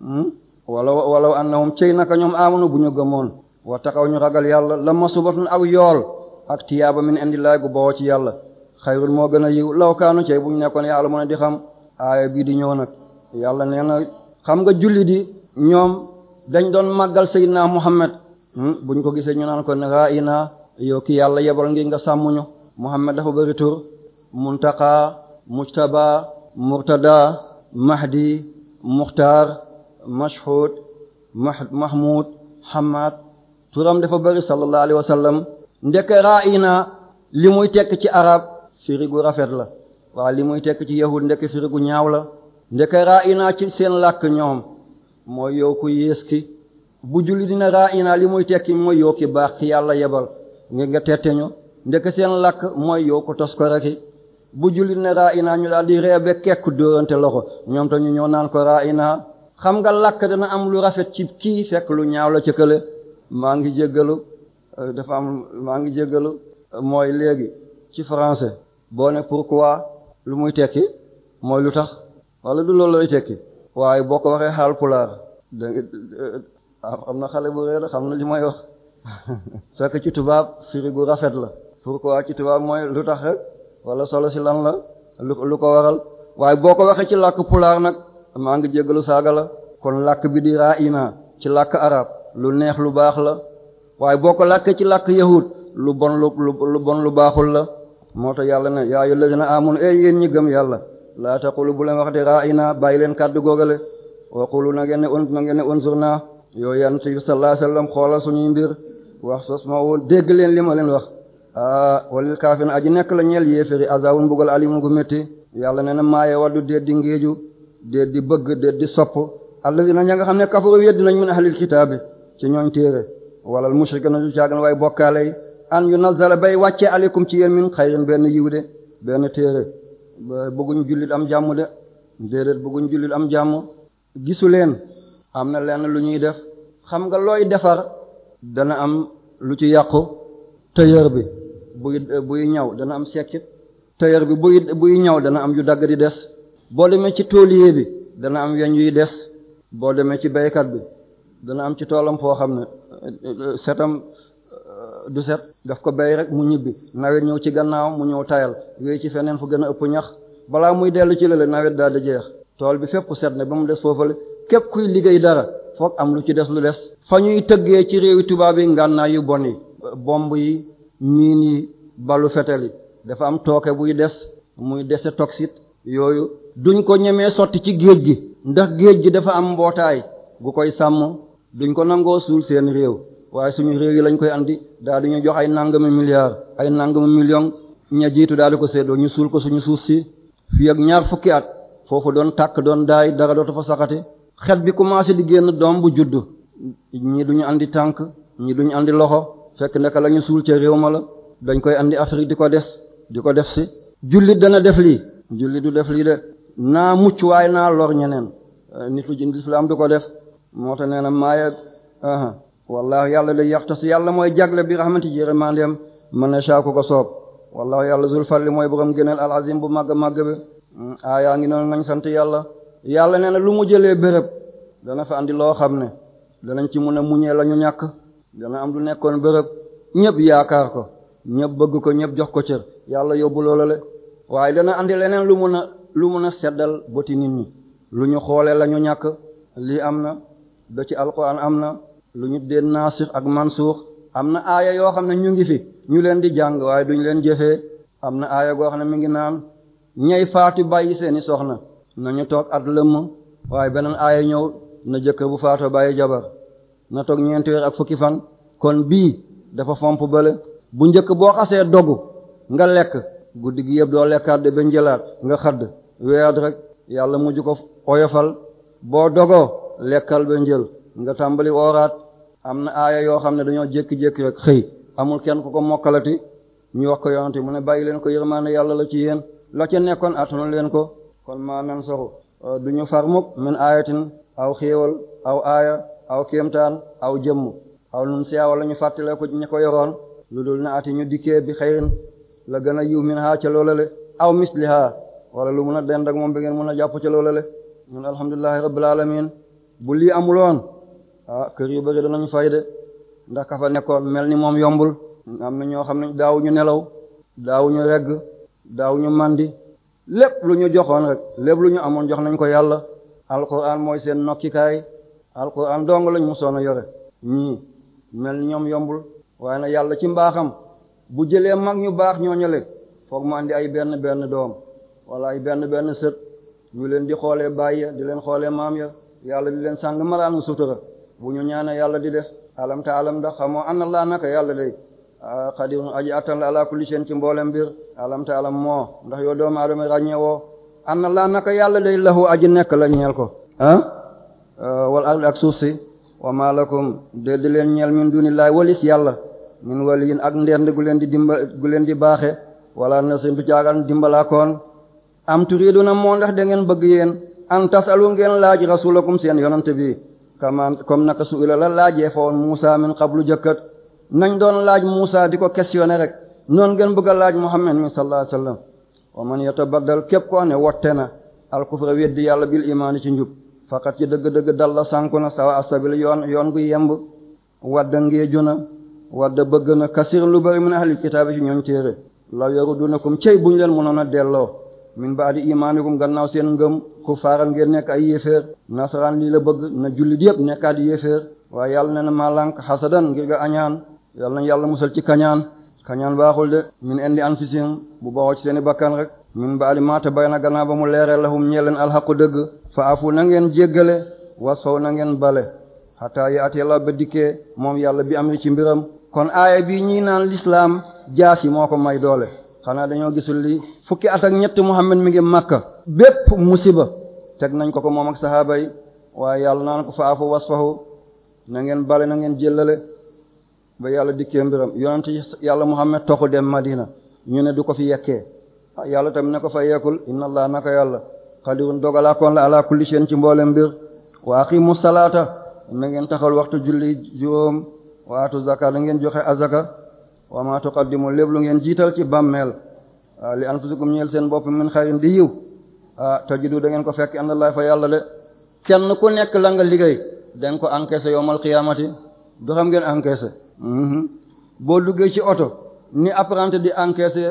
hmm? wala walaw annahum cey naka ñoom amanu bu ñu gëmoon wa taxaw ñu ragal yàlla la masubatun aw yool ak tiyaaba min indillaay gu bawoo ci yàlla xayrul moo gën a yiw law kaanu cey bu ñu nekkoon yàlla moo a di xam aaya bii di ñëw nag yàlla nee na xam nga julli di ñoom dañ doon màggal sayyidina Muhammad hmm? buñ ko gisee ñu naan ko ne raa ina ki yàlla yebal ngi nga sàmmuñu Muhammad dafa bëri tur muntaqa mujtaba murtada mahdi muxtaar mashhud mahmud hamad turam dafa bëri sallallahu alayhi wa ndeke raina li muy tekk ci arab firi gu rafet la waaye li muy tekk ci yahud ndeke firi gu ñaaw la ndeke raina ci seen làkk ñoom mooy yow ku yées ki bu julli dina inaa li muy tekki mooy yow ki baax ki yàlla yebal nga nga tette ñu ndeke seen làkk mooy yow ku tos ko reki bu julli dina raina ñu daal di reebe kekk dóorante loxo ñoom te ñu ñëw naan ko raina xam nga làkk dana am lu rafet ci kii fekk lu ñaaw la ca maa ngi jéggalu Euh, dafa am maa ngi jéggalu euh, mooy léegi ci français boo ne pourquoi lu muy tekki mooy lu tax wala du loolu lay tekki waaye boo ko waxee xaal pulaar da xam euh, ah, na xale bu réer xam na li may wax fekk ci tubaab firi gu rafet la pourquoi ci tubaab mooy lu tax rek wala solo si lan la lu lu ko waral waaye boo ko waxee ci làkk pulaar nag maa ngi jéggalu saaga la kon làkk bi di raa ina ci làkk arab lu neex lu baax la waaye boo ko làkkee ci làkk yahud lu bon lu lu bon lu baaxul la moo tax yàlla ne yaa ayyuhal lazina aamanu e yéen ñi gëm yàlla laa taqulu bu leen wax de ra'ina bàyyi leen kàddu googale wa qulu na ngeen ne na ngeen ne unzurna yoo yant bi sallallahu alayhi wasallam xoolal suñuy mbir wax sos ma woon dégg leen li ma leen wax a walil kaafin aji nekk la ñeel yéeféri azawun buggal alimun ku métti yàlla ne na maaye waddu déet di ngéeju déet di bëgg déet di sopp allazina ña nga xam ne kafaru weddi nañ min ahlil kitaabi ci ñooñ téere wala al mushrikuna du caagan waaye bokkaale yi an yu nazala bay wàcce aleykum ci yéen min xayrin benn yiw de benn téere bëgguñ jullit am jàmm de déedéet bëgguñ jullit am jàmm gisu leen am na leen lu ñuy def xam nga looy defar dana am lu ci yàqu tëyër bi buy buy ñaw dana am sekkit tëyër bi buy buy ñaw dana am yu dagg di des boo demee ci toolier bi dana am weñ yuy des boo demee ci baykat bi dana am ci toolam foo xam ne setam euh, du set daf ko bay rek mu ñibbi nawet ñëw ci gannaaw mu ñëw tayal yooyu ci feneen fu gën a ëpp ñax balaa muy dellu ci lële nawet daal di jeex tool bi fépp set na ba mu des foofale képp kuy liggéey dara foog am lu ci des lu des fa ñuy tëggee ci réewi tubaab yi ngànnaay yu bon yi bomb yi miin yi balu fetel yi dafa am tooke buy des muy dese toxique yooyu duñ ko ñemee sotti ci géej gi ndax géej gi dafa am mbootaay gu koy sàmm duñ ko nangoo suul seen réew waaye suñu réew yi lañ koy andi daal di ñu jox ay nangami milliards ay nangami million ña jiitu daal di ko seddoo ñu suul ko suñu suuf si fii ak ñaar fukki at foofu doon tàkk doon daay dara dootu fa saxati xet bi commencé di génn doom bu judd ñii duñu andi tànk ñii duñu andi loxo fekk naka lañu suul ca réew ma la dañ koy andi Afrique di ko des di ko def si. jullit dana def lii jullit du def lii de naa mucc waaye naa lor ñeneen nit lu jënd lislaam du def. moo tax nee na maaya aha wallaahi yàlla day yaxtas yàlla mooy jagle bi raxmati yërmandeem man na saaku ko soob wallaahi yàlla zul li mooy borom gënal al azim bu màgg màgg bi hmm, ah yaa ngi noonu nañ sant yàlla yàlla nee na lu mu jëlee bërëb dana fa andi loo xam ne danañ ci mun a muñee lañu ñàkk dana am lu nekkoon bërëb ñëpp yaakaar ko ñëpp bëgg ko ñëpp jox ko cër yàlla yóbbu loola la waaye dana andi leneen lu mun a lu mun a seddal boti nit ñi lu ñu xoolee la ñàkk lii am na ba ci alquran am na lu ñu dee naasix ak mansuux am na aaya yoo xam ne ñu ngi fi ñu leen di jàng waaye duñ leen jëfee am na aaya goo xam ne mi ngi naan ñay faatu bàyyi seeni soxna nañu toog at lëmm waaye beneen aaya ñëw na jëkkër bu faatu bàyyi jabar na toog ñeenti weer ak fukki fan kon bii dafa fomp bële bu njëkk boo xasee dogu nga lekk guddi gi yëpp doo lekkaat de ba njëlaat nga xadd weerat rek yàlla mujj ko oyofal boo dogoo lekkal ba njël nga tàmbali ooraat am na aaya yoo xam ne dañoo jékki-jékki rek xëy amul kenn ko ko mokkalati ñu wax ko yonante mu ne bàyyi leen ko yërmaane yàlla la ci yéen loo ca nekkoon at attanu leen ko kon maa nan euh, du ñu far mukk min aayatin aw xéewal aw aaya aw kéemtaan aw jëmm aw nun siyaawal la ñu fàttale ko ñi ko yoroon lu dul na ati ñu dikkee bi xayrin la gën a yiw min haa ca loolale aw misliha wala lu mun a dend ak moom bi ngeen mun a jàpp ca loolale ñun alhamdulillahi bu lii amuloon ah kër yu bëri danañ fay de ndax ka fa nekkoon mel ni moom yombul am na ñoo xam ne daawuñu nelaw daawuñu regg daawuñu mandi lépp lu ñu joxoon rek lépp lu ñu amoon jox nañ ko yàlla alquran mooy seen nokkikaay alquran dong lañ mosoon a yore ñii mel ni ñoom yombul waaye na yàlla ci mbaaxam bu jëlee mag ñu baax ñooñale foog mu andi ay benn benn doom wala ay benn benn sët ñu leen di xoolee baay ya di leen xoolee maam ya yàlla di leen sàng malaanu sutura bu ñu ñaane yàlla di def alam ta alam da xamoo anna laa naka yàlla day ah, xadirun aji attan la ala kulli ci mboole biir alam ta alam moo ndax yow doomu aadama ràññewoo anna laa naka yàlla day lahu aji nekk la ñeel ko ah, ah wal ard ak suuf wa ma la de di leen ñeel min dunillahi walis yàlla min waliyin ak ndend gu leen di dimba gu leen di baaxe wala na seen du caagan dimbalaakoon am turiidu na moo ndax da ngeen bëgg yéen an tasalu ngeen laaj rasulakum seen yonante bi kaman comme naka su ila la laajee fa woon Musa min qablu jëkkat nañ doon laaj Musa di ko yone rek noon ngeen bëgg a laaj Muhammad mi sallallahu alayhi wasallam wa man yatabaddal képp koo ne wotte na alkufra weddi yàlla bil imaan ci njub faqat ci dëgg-dëgg dalla sànku na sawa asabil yoon yoon gu yemb wadda ngeeju na wadda bëgg na kasir lu bari min ahli kitaabi ci ñooñ téere law yarudunakum cey buñ leen a delloo min ba'di imaanikum gannaaw seen kuffaaran ngeen nekk ay yéeféer nasaraan lii la bëgg na jullit yëpp nekkaat yéeféer waa yàlla ne na maa lànk xasadan ngir nga añaan yàlla na yàlla musal ci kañaan kañaan baaxul de min indi anfusihim bu ba ci seeni bakkan rek min ba maa tabayyana gannaaw ba mu leere lahum ñeeleen alxaqu dëgg fa afu na ngeen jéggale wasfaw na ngeen bale xataa ya at ba dikkee moom yàlla bi am ci mbiram kon aaya bi ñii naan lislaam yi moo ko may doole xanaa dañoo gisul fukki at ñett Muhammad mi ngi Makka bépp musiba teg nañ ko ko moom ak sahaaba yi waaye yàlla naan ko faafu wasfahu na ngeen bale na ngeen jëlale ba yàlla dikkee mbiram yonent yàlla Muhammad toxu dem Madina ñu ne du ko fi yekkee ah, yàlla tamit ne ko fa yeekul inna allah naka yàlla qadirun dogalaa koon la ala kulli shay'in ci mboole mbir wa aqimu salaata na ngeen taxal waxtu julli juróom waatu zaka na ngeen joxe azaka wa ma tuqaddimu lépp lu ngeen jiital ci bàmmeel ah, li anfusikum ñeel seen bopp min ah tajidu da ngeen ko fekk ànd laa fa yàlla de kenn ku nekk la nga liggéey da nga ko encaissé yowmal xiyaamati du xam ngeen encaissé mhm. boo duggee ci oto ni apprenti di encaissé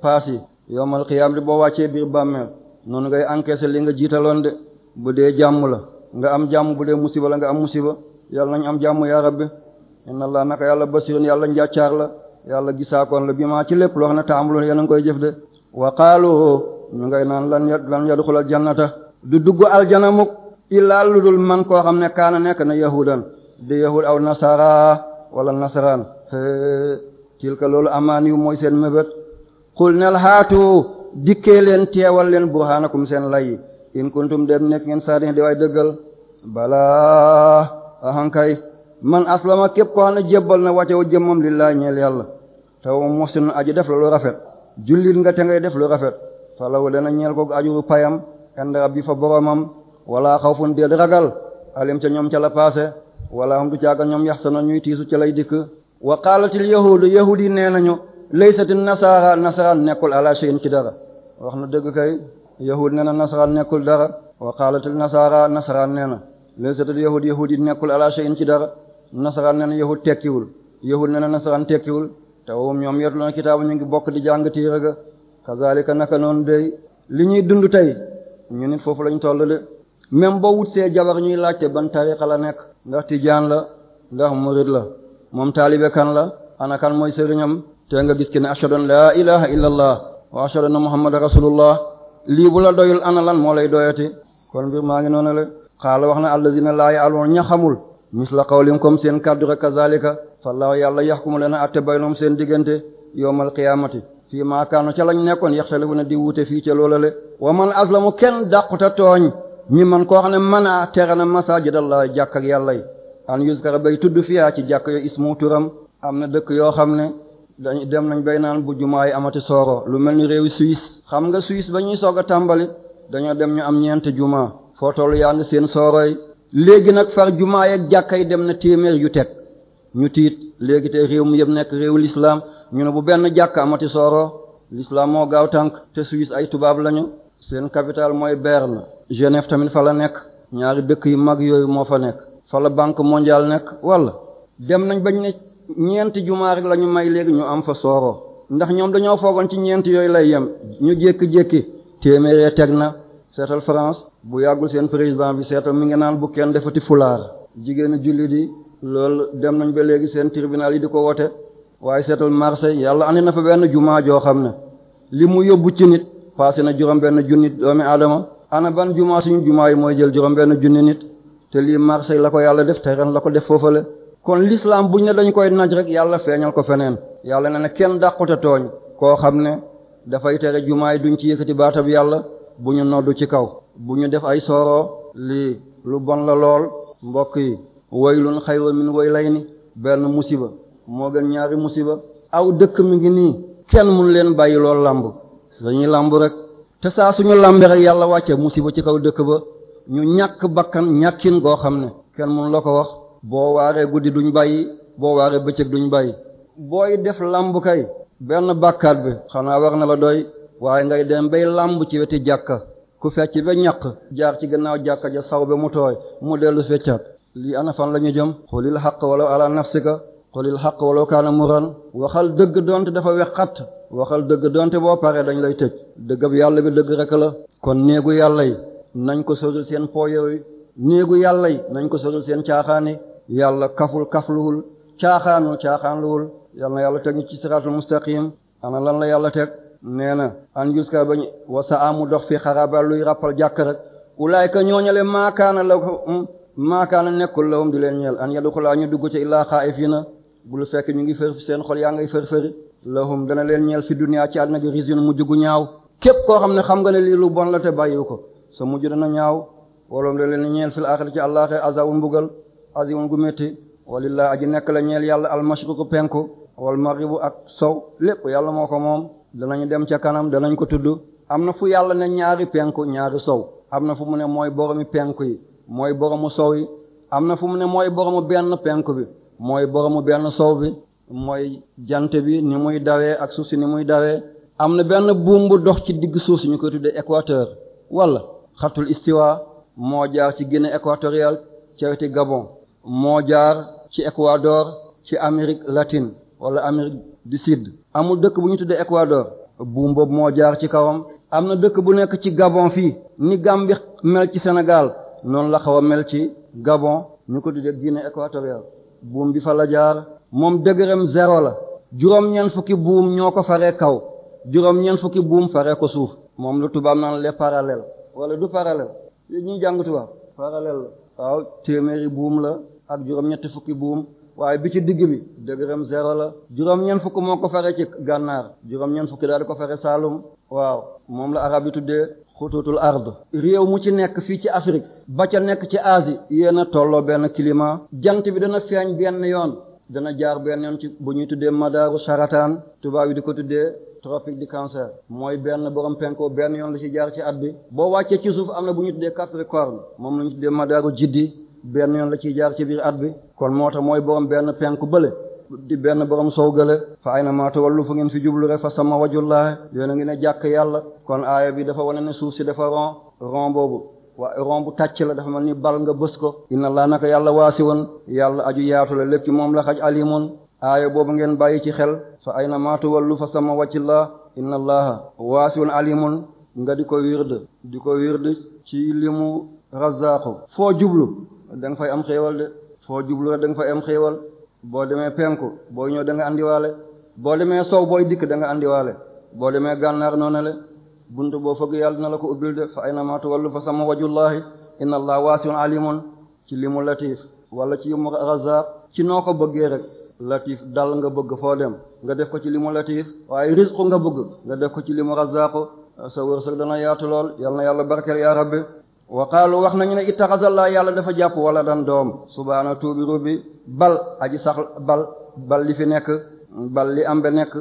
paas yi yowmal xiyaam di boo wàccee biir bàmmeel noonu ngay encaissé li nga jiitaloon de bu dee jàmm la nga am jàmm bu dee musiba la nga am musiba yàlla nañ am jàmm yaa rabbi inna allah naka yàlla basirun yàlla njàccaar la yàlla gisaakoon la bi maa ci lépp loo xam ne taamaloon yéen a ngi koy jëf ñu ngay naan lan lan yadxulul jannata du dugg aljana mukk illaa lu dul man koo xam ne kaana nekk na yahudan di yahud aw nasara wala nasaraan tilka loolu amaan yu mooy seen mébét xul nel haatu dikkee leen teewal leen burhanakum seen layi in kuntum dem nekk ngeen saadin di waay dëggal balaa ahankay man aslama képp koo xam ne jébbal na wàcce wu jëmmam lillaahi ñeel yàlla taw muhsin aji def la lu rafet jullit nga te ngay def lu rafet falaw lena ñeel ko ajuru payam inda rabbi fa boromam wala xawfun déed ragal alim ca ñoom ca la passé wala hum du caaga ñoom yaxsana ñuy tiisu ca lay dikk wa qaalatil yahudu yahud yi nee nañu laysati nasara nasaraan nekkul ala shay'in ci dara wax na dëgg kay yahud nee na nasaraan nekkul dara wa qaalatil nasara nasaraan nee na laysati yahud yahud yi nekkul ala shay'in ci dara nasaraan nee na yahud tekkiwul yahud nee na nasaraan tekkiwul te wum ñoom yetlu na kitaabu ñu ngi bokk di jàng téere ga kazalika naka noonu day li ñuy dund tey ñu nit foofu lañu toll de même boo wut see jabar ñuy laajte ban tariqa la nekk ndax tijaan la ndax murid la moom taalibe kan la ana kan mooy sëriñam te nga gis ki ne ashhadu an laa ilaha illa allah wa ashhadu anna muhammadan rasulullah lii bu la doyul ana lan moo lay doyati kon mbir maa ngi noonu la xaala wax na allazina laa ya'lamuun ña xamul misla qawlim comme seen kàddu rek kazalika fallaahu yàlla yaxkumu lana atte baynum seen diggante yawmal qiyaamati fii maa kaanu ca lañ nekkoon yaxtalifuna di wuute fii ca loola le wa man azlamu kenn dàquta tooñ mi man koo xam ne man a tere na masaajidallahi jàkk ak yàlla yi an yuskara bay tudd fiyaa ci jàkk yo ismu turam am na dëkk yoo xam ne dañ dem nañ bay naan bu jumaa yi amati sooro lu mel ni réewi Suisse xam nga Suisse ba ñuy soog a tàmbali dañoo dem ñu am ñeent jumaa foo toll yaa ngi seen sooro yi léegi nag far jumaa yeeg jàkka yi dem na téeméer te ñu ne bu benn jàkka ti sooro l'islam moo gaaw tànk te suise ay tubaab lañu seen capital mooy Berne Genève tamit fa la nekk ñaari dëkk yu mag yooyu moo fa nekk fa la banque mondiale nekk wala dem nañ bañ ne ñeenti jumaa rek la ñu may léegi ñu am fa sooro ndax ñoom dañoo foogoon ci ñeenti yooyu lay yem ñu jékki-jékki téeméer teg na seetal France bu yàggul seen président bi seetal mi ngi naan bu kenn defati fulaar jigéenu jullit loolu dem nañ ba léegi seen tribunal yi di ko woote waaye seetul Marseille yàlla andi na fa benn jumaa joo xam ne li mu yóbbu ci nit passé na juróom benn junni doomi aadama ana ban jumaa suñu jumaa yi mooy jël juróom benn junni nit te lii Marseille la ko yàlla def te ren la ko def foofale kon lislaam bu buñ ne dañu koy naj rek yàlla feeñal ko feneen yàlla ne na kenn dàqute tooñ koo xam ne dafay tere jumaa yi duñ ci yëkkati baatab yàlla bu ñu noddu ci kaw bu ñu def ay sooroo lii lu bon la lool mbokk yi waylun xayrun min waylayni benn musiba moo gën ñaari musiba aw dëkk mi ngi nii kenn mënu leen bàyyi lool lamb dañuy lamb rek te saa suñu làmb rek yàlla wàcce musiba ci kaw dëkk ba ñu ñàkk bakkan ñàkkin goo xam ne kenn mënu la ko wax boo waaree guddi duñu bàyyi boo waaree bëccëg duñ bàyyi booy def lamb kay benn bàkkaat bi xanaa war na la doy waaye ngay dem bay lamb ci weti jàkka ku fecc ba ñàq jaar ci gannaaw jàkka ja saw ba mu tooy mu dellu feccaat lii ana fan la jëm xulil xaq xolil xaq walaw kaana muran waxal dëgg donte dafa weqat waxal dëgg donte boo paree dañ lay tëj dëggab yàlla bi dëgg rekk la kon néegu yàlla yi nañ ko soril seen po yooyu néegu yàlla yi nañ ko soril seen caaxaani yàlla kaful kafluwul caaxaanul caaxaanluwul yàlla na yàlla teg ñu ci siraatul mustaqim ana lan la yàlla teg nee na an juska bañ wasa amu dox fii xaraba luy rappal jàkk rek ulaayka ñooñale maakaana la maakaana nekkul lawum di leen ñeel an yadxulaa ñu dugg ci illaa xaa'ifiina bu lu fekk ñu ngi fër seen xol yaa ngay fër-fëri lahum dana leen ñeel fi dunya ci àdduna gi rizun mujj gu ñaaw képp koo xam ne xam nga ne lii lu bon la te bàyyiwu ko sa mujj dana ñaaw waloom da leen ñeel fil axira ci àllaaxe azabun mbugal azimun gu métti walillah aji nekk la ñeel yàlla almashriqu penku wal maghribu ak sow lépp yàlla moo ko moom danañu dem ca kanam danañ ko tudd am na fu yàlla ne ñaari penku ñaari sow am na fu mu ne mooy boromi penku yi mooy boromu sow yi am na fu mu ne mooy boromu benn penku bi mooy boromu benn sow bi mooy jant bi ni muy dawee ak suuf si ni muy dawee am na benn buum bu dox ci digg suuf si ñu koy tuddee équateur wala xatul istiwa moo jaar ci Guinée équatoriale ci wetu Gabon moo jaar ci Équador ci Amérique latine wala Amérique di Sud amul dëkk bu ñu tuddee Équador buum boobu moo jaar ci kawam am na dëkk bu nekk ci Gabon fii ni Gambie mel ci Sénégal noonu la xaw mel ci Gabon ñu ko tuddee Guinée équatoriale buum bi fa la jaar moom dëgëram zéro la juróom-ñeent fukki buum ñoo ko faree kaw juróom-ñeent fukki buum faree ko suuf moom lu tubaab na les parallèles wala du parallèle ñuy jàng tubaab parallèle la waaw téeméeri buum la ak juróom-ñetti fukki buum waaye bi ci digg bi dëgëram zéro la juróom-ñeent fukk moo ko fare ci gànnaar juróom-ñeent fukki daal di ko fare Saalum waaw moom la arab yi tuddee xutuutul ard réew mu ci nekk fii ci Afrique ba ca nekk ci Asie yéen a tolloo benn climat jant bi dana feeñ benn yoon dana jaar benn yoon ci bu ñuy tuddee madaaru sarataan tubaab yi di ko tuddee tropique di cancer mooy benn borom penko benn yoon la ci jaar ci at bi boo wàccee ci suuf am na bu ñuy tuddee capricorne moom la ñu tuddee madaaru jiddi benn yoon la ciy jaar ci biir at bi kon moo tax mooy borom benn penku bële di benn borom sow gële fa ay na maata wallu fu ngeen fi jublu rek fa sama wajullaahe yéen a ngi ne jàkk yàlla kon aaya bi dafa wane ne suuf si dafa ron ron boobu wa ron bu tàcc la dafa ma ni bal nga bës ko inna laa naka yàlla waasi woon yàlla aju yaatu la lépp moom la xaj alimun aaya boobu ngeen bàyyi ci xel fa ay na maata wallu fa sama wajullah inna allaha waasi woon alimun nga di ko wird di ko wird ci limu razzaqu foo jublu da nga fay am xéewal de foo da nga fay boo demee penku boo ñëw da nga andiwaale boo demee sow booy dikk da nga andiwaale boo demee gànnaar noonu la bunt boo fëgg yàlla dina la ko ubbil de fa ay na maatu wallu fa sama wajullahi inna allah waasiun alimun ci limu latif wala ci yumu razaq ci noo ko bëggee rek latif dal nga bëgg foo dem nga def ko ci limu latif waaye rizqu nga bëgg nga def ko ci limu razaqu sa wërsëg dana yaatu lool yal na yàlla barkeel ya rabbi wa qaalu wax nañu ne ittaxazallaa yàlla dafa jàpp wala dan doom subhaana tuubi rubi bal aji sax bal bal li fi nekk bal li am ba nekk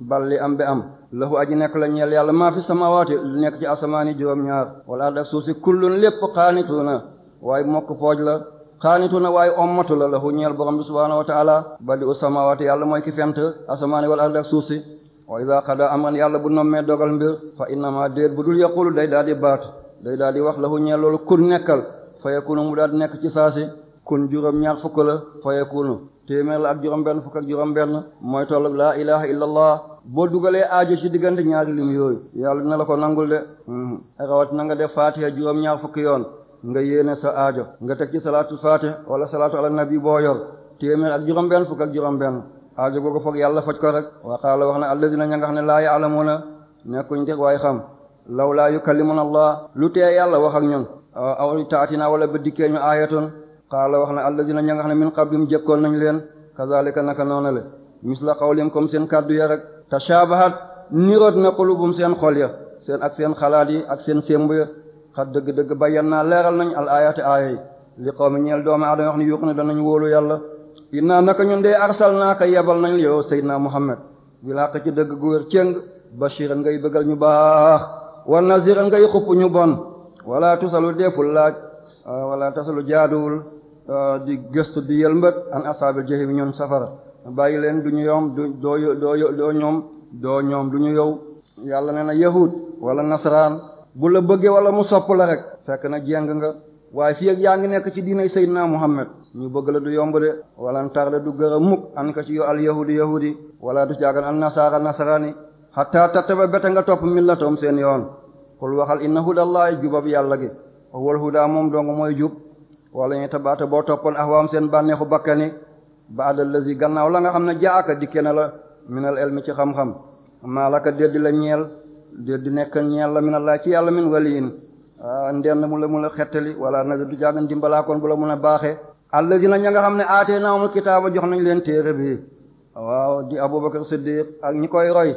bal li am ba am lahu aji nekk la ñeel yàlla maa fi samawaati li nekk ci asamaani juróom-ñaar wala dak suuf si kullun lépp na waaye mokk pooj la na waaye ommatu la lahu ñeel borom bi subhaanahu wa taala badi u samawaati yàlla mooy ki fent asamaani wala dak suuf si wa iza qada amran yàlla bu nommee dogal mbir fa innama déet bu dul yakul day daal di baat day daal di wax lahu ñeel loolu kun nekkal fa yakunu daal di nekk ci saasi kun juróom ñaar fukk la fa yakunu téeméer la ak juróom benn fukk ak juróom benn mooy tolloog laa ilaha illallah boo dugalee aajo ci diggante ñaari lim yooyu yàlla dina la ko nangul de hmm. rawat na nga def faatiha juróom ñaar fukki yoon nga yéene sa aajo nga teg ci salaatul faatih wala salaatu ala nabi boo yor téeméer ak juróom benn fukk ak juróom benn aajo googu foog yàlla faj ko rek waxaala wax na alladina ña nga xam ne laa ya'lamuna nekkuñ de waaye xam law laa yukallimuna allah lu tee yàlla wax ak ñun qaala wax na alladina ña nga xam ne min qablihim jëkkoon nañ leen kazalika naka noona le misla qawlihim comme seen kàddu ya rek tashabahat niroot na qulubum seen xol ya seen ak seen xalaat yi ak seen sémb ya xat dëgg-dëgg bayyan naa leeral nañ al ayaati aaya yi li qawmi ñeel doomu aadama wax ne yuuq ne danañ wóolu yàlla inna naka ñun dee arsal naa ka yebal nañ yow seydina muhammad bil haqq ci dëgg gu wér cëng bashiran ngay bëggal ñu baax wa naziran ngay xupp ñu bon wala tusalu deful laaj wala tasalu Euh, di gëstu di yëlmbët an asaabil bi ñoom safara bàyyi leen du ñu yom doo doo doo ñoom doo ñoom du ñu yow yàlla nee na yahud wala nasaraan bu la bëggee wala mu sopp la rek fekk na jeng nga waaye fii ak yaa ngi nekk ci diinay Seydina Muhammad ñu bëgg la du yomb de wala ntar de du gër a mukk an ka ci yo al yahudi yahudi wala du jaagan an nasaara nasaraani xataa tattaba bete nga topp millatoom seen yoon xul waxal a hudallahi jubab yàlla gi wal huda moom dong mooy wala ñu baata boo toppoon ahwaam seen bànneexu bakkani baada lazi gannaaw la nga xam ne jaaka di na la minal elmi ci xam-xam maalaka déddi la ñeel déddi nekk ñeel la minal laa ci yàlla min waliyin ah, ndenn mu la mu la xettali wala nag du jaagan dimbalaakoon bu la mun a baaxee allazina ña nga xam ne aatee naamul kitaaba jox nañ leen téere bi waaw di abubakar siddiq ak ñi koy roy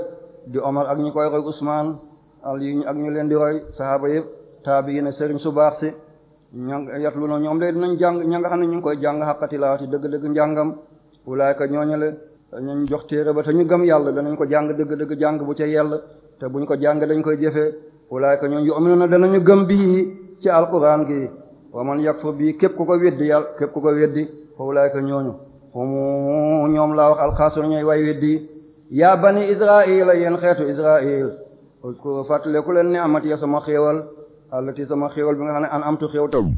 di omar ak ñi koy roy usmaan ali ak ñu leen di roy sahaaba yëpp taabiina sëriñ su baax si ña yatluuna ñoom de dinañ jàng ña nga xam ne ñu ngi koy jàng xaqatilaati dëgg-dëgg njàngam wulaayka ñooñale ñañ jox téere ba te ñu gëm yàlla danañ ko jàng dëgg-dëgg jàng bu ca yàlla te bu buñ ko jàng dañ koy jëfee wulaayka na yu'minuuna danañu gëm bii ci alquran gi wa man yakfur bii képp ku ko weddi yàlla képp ko ko weddi fa wulaayka ñooñu humu ñoom laa wax alxaasir ñooy way weddi yaa bani israil yéen xeetu israil uskuru fàttaleku leen ne amati ya sama xéewal allati sama xéewal bi nga xam ne an amtu xéewtal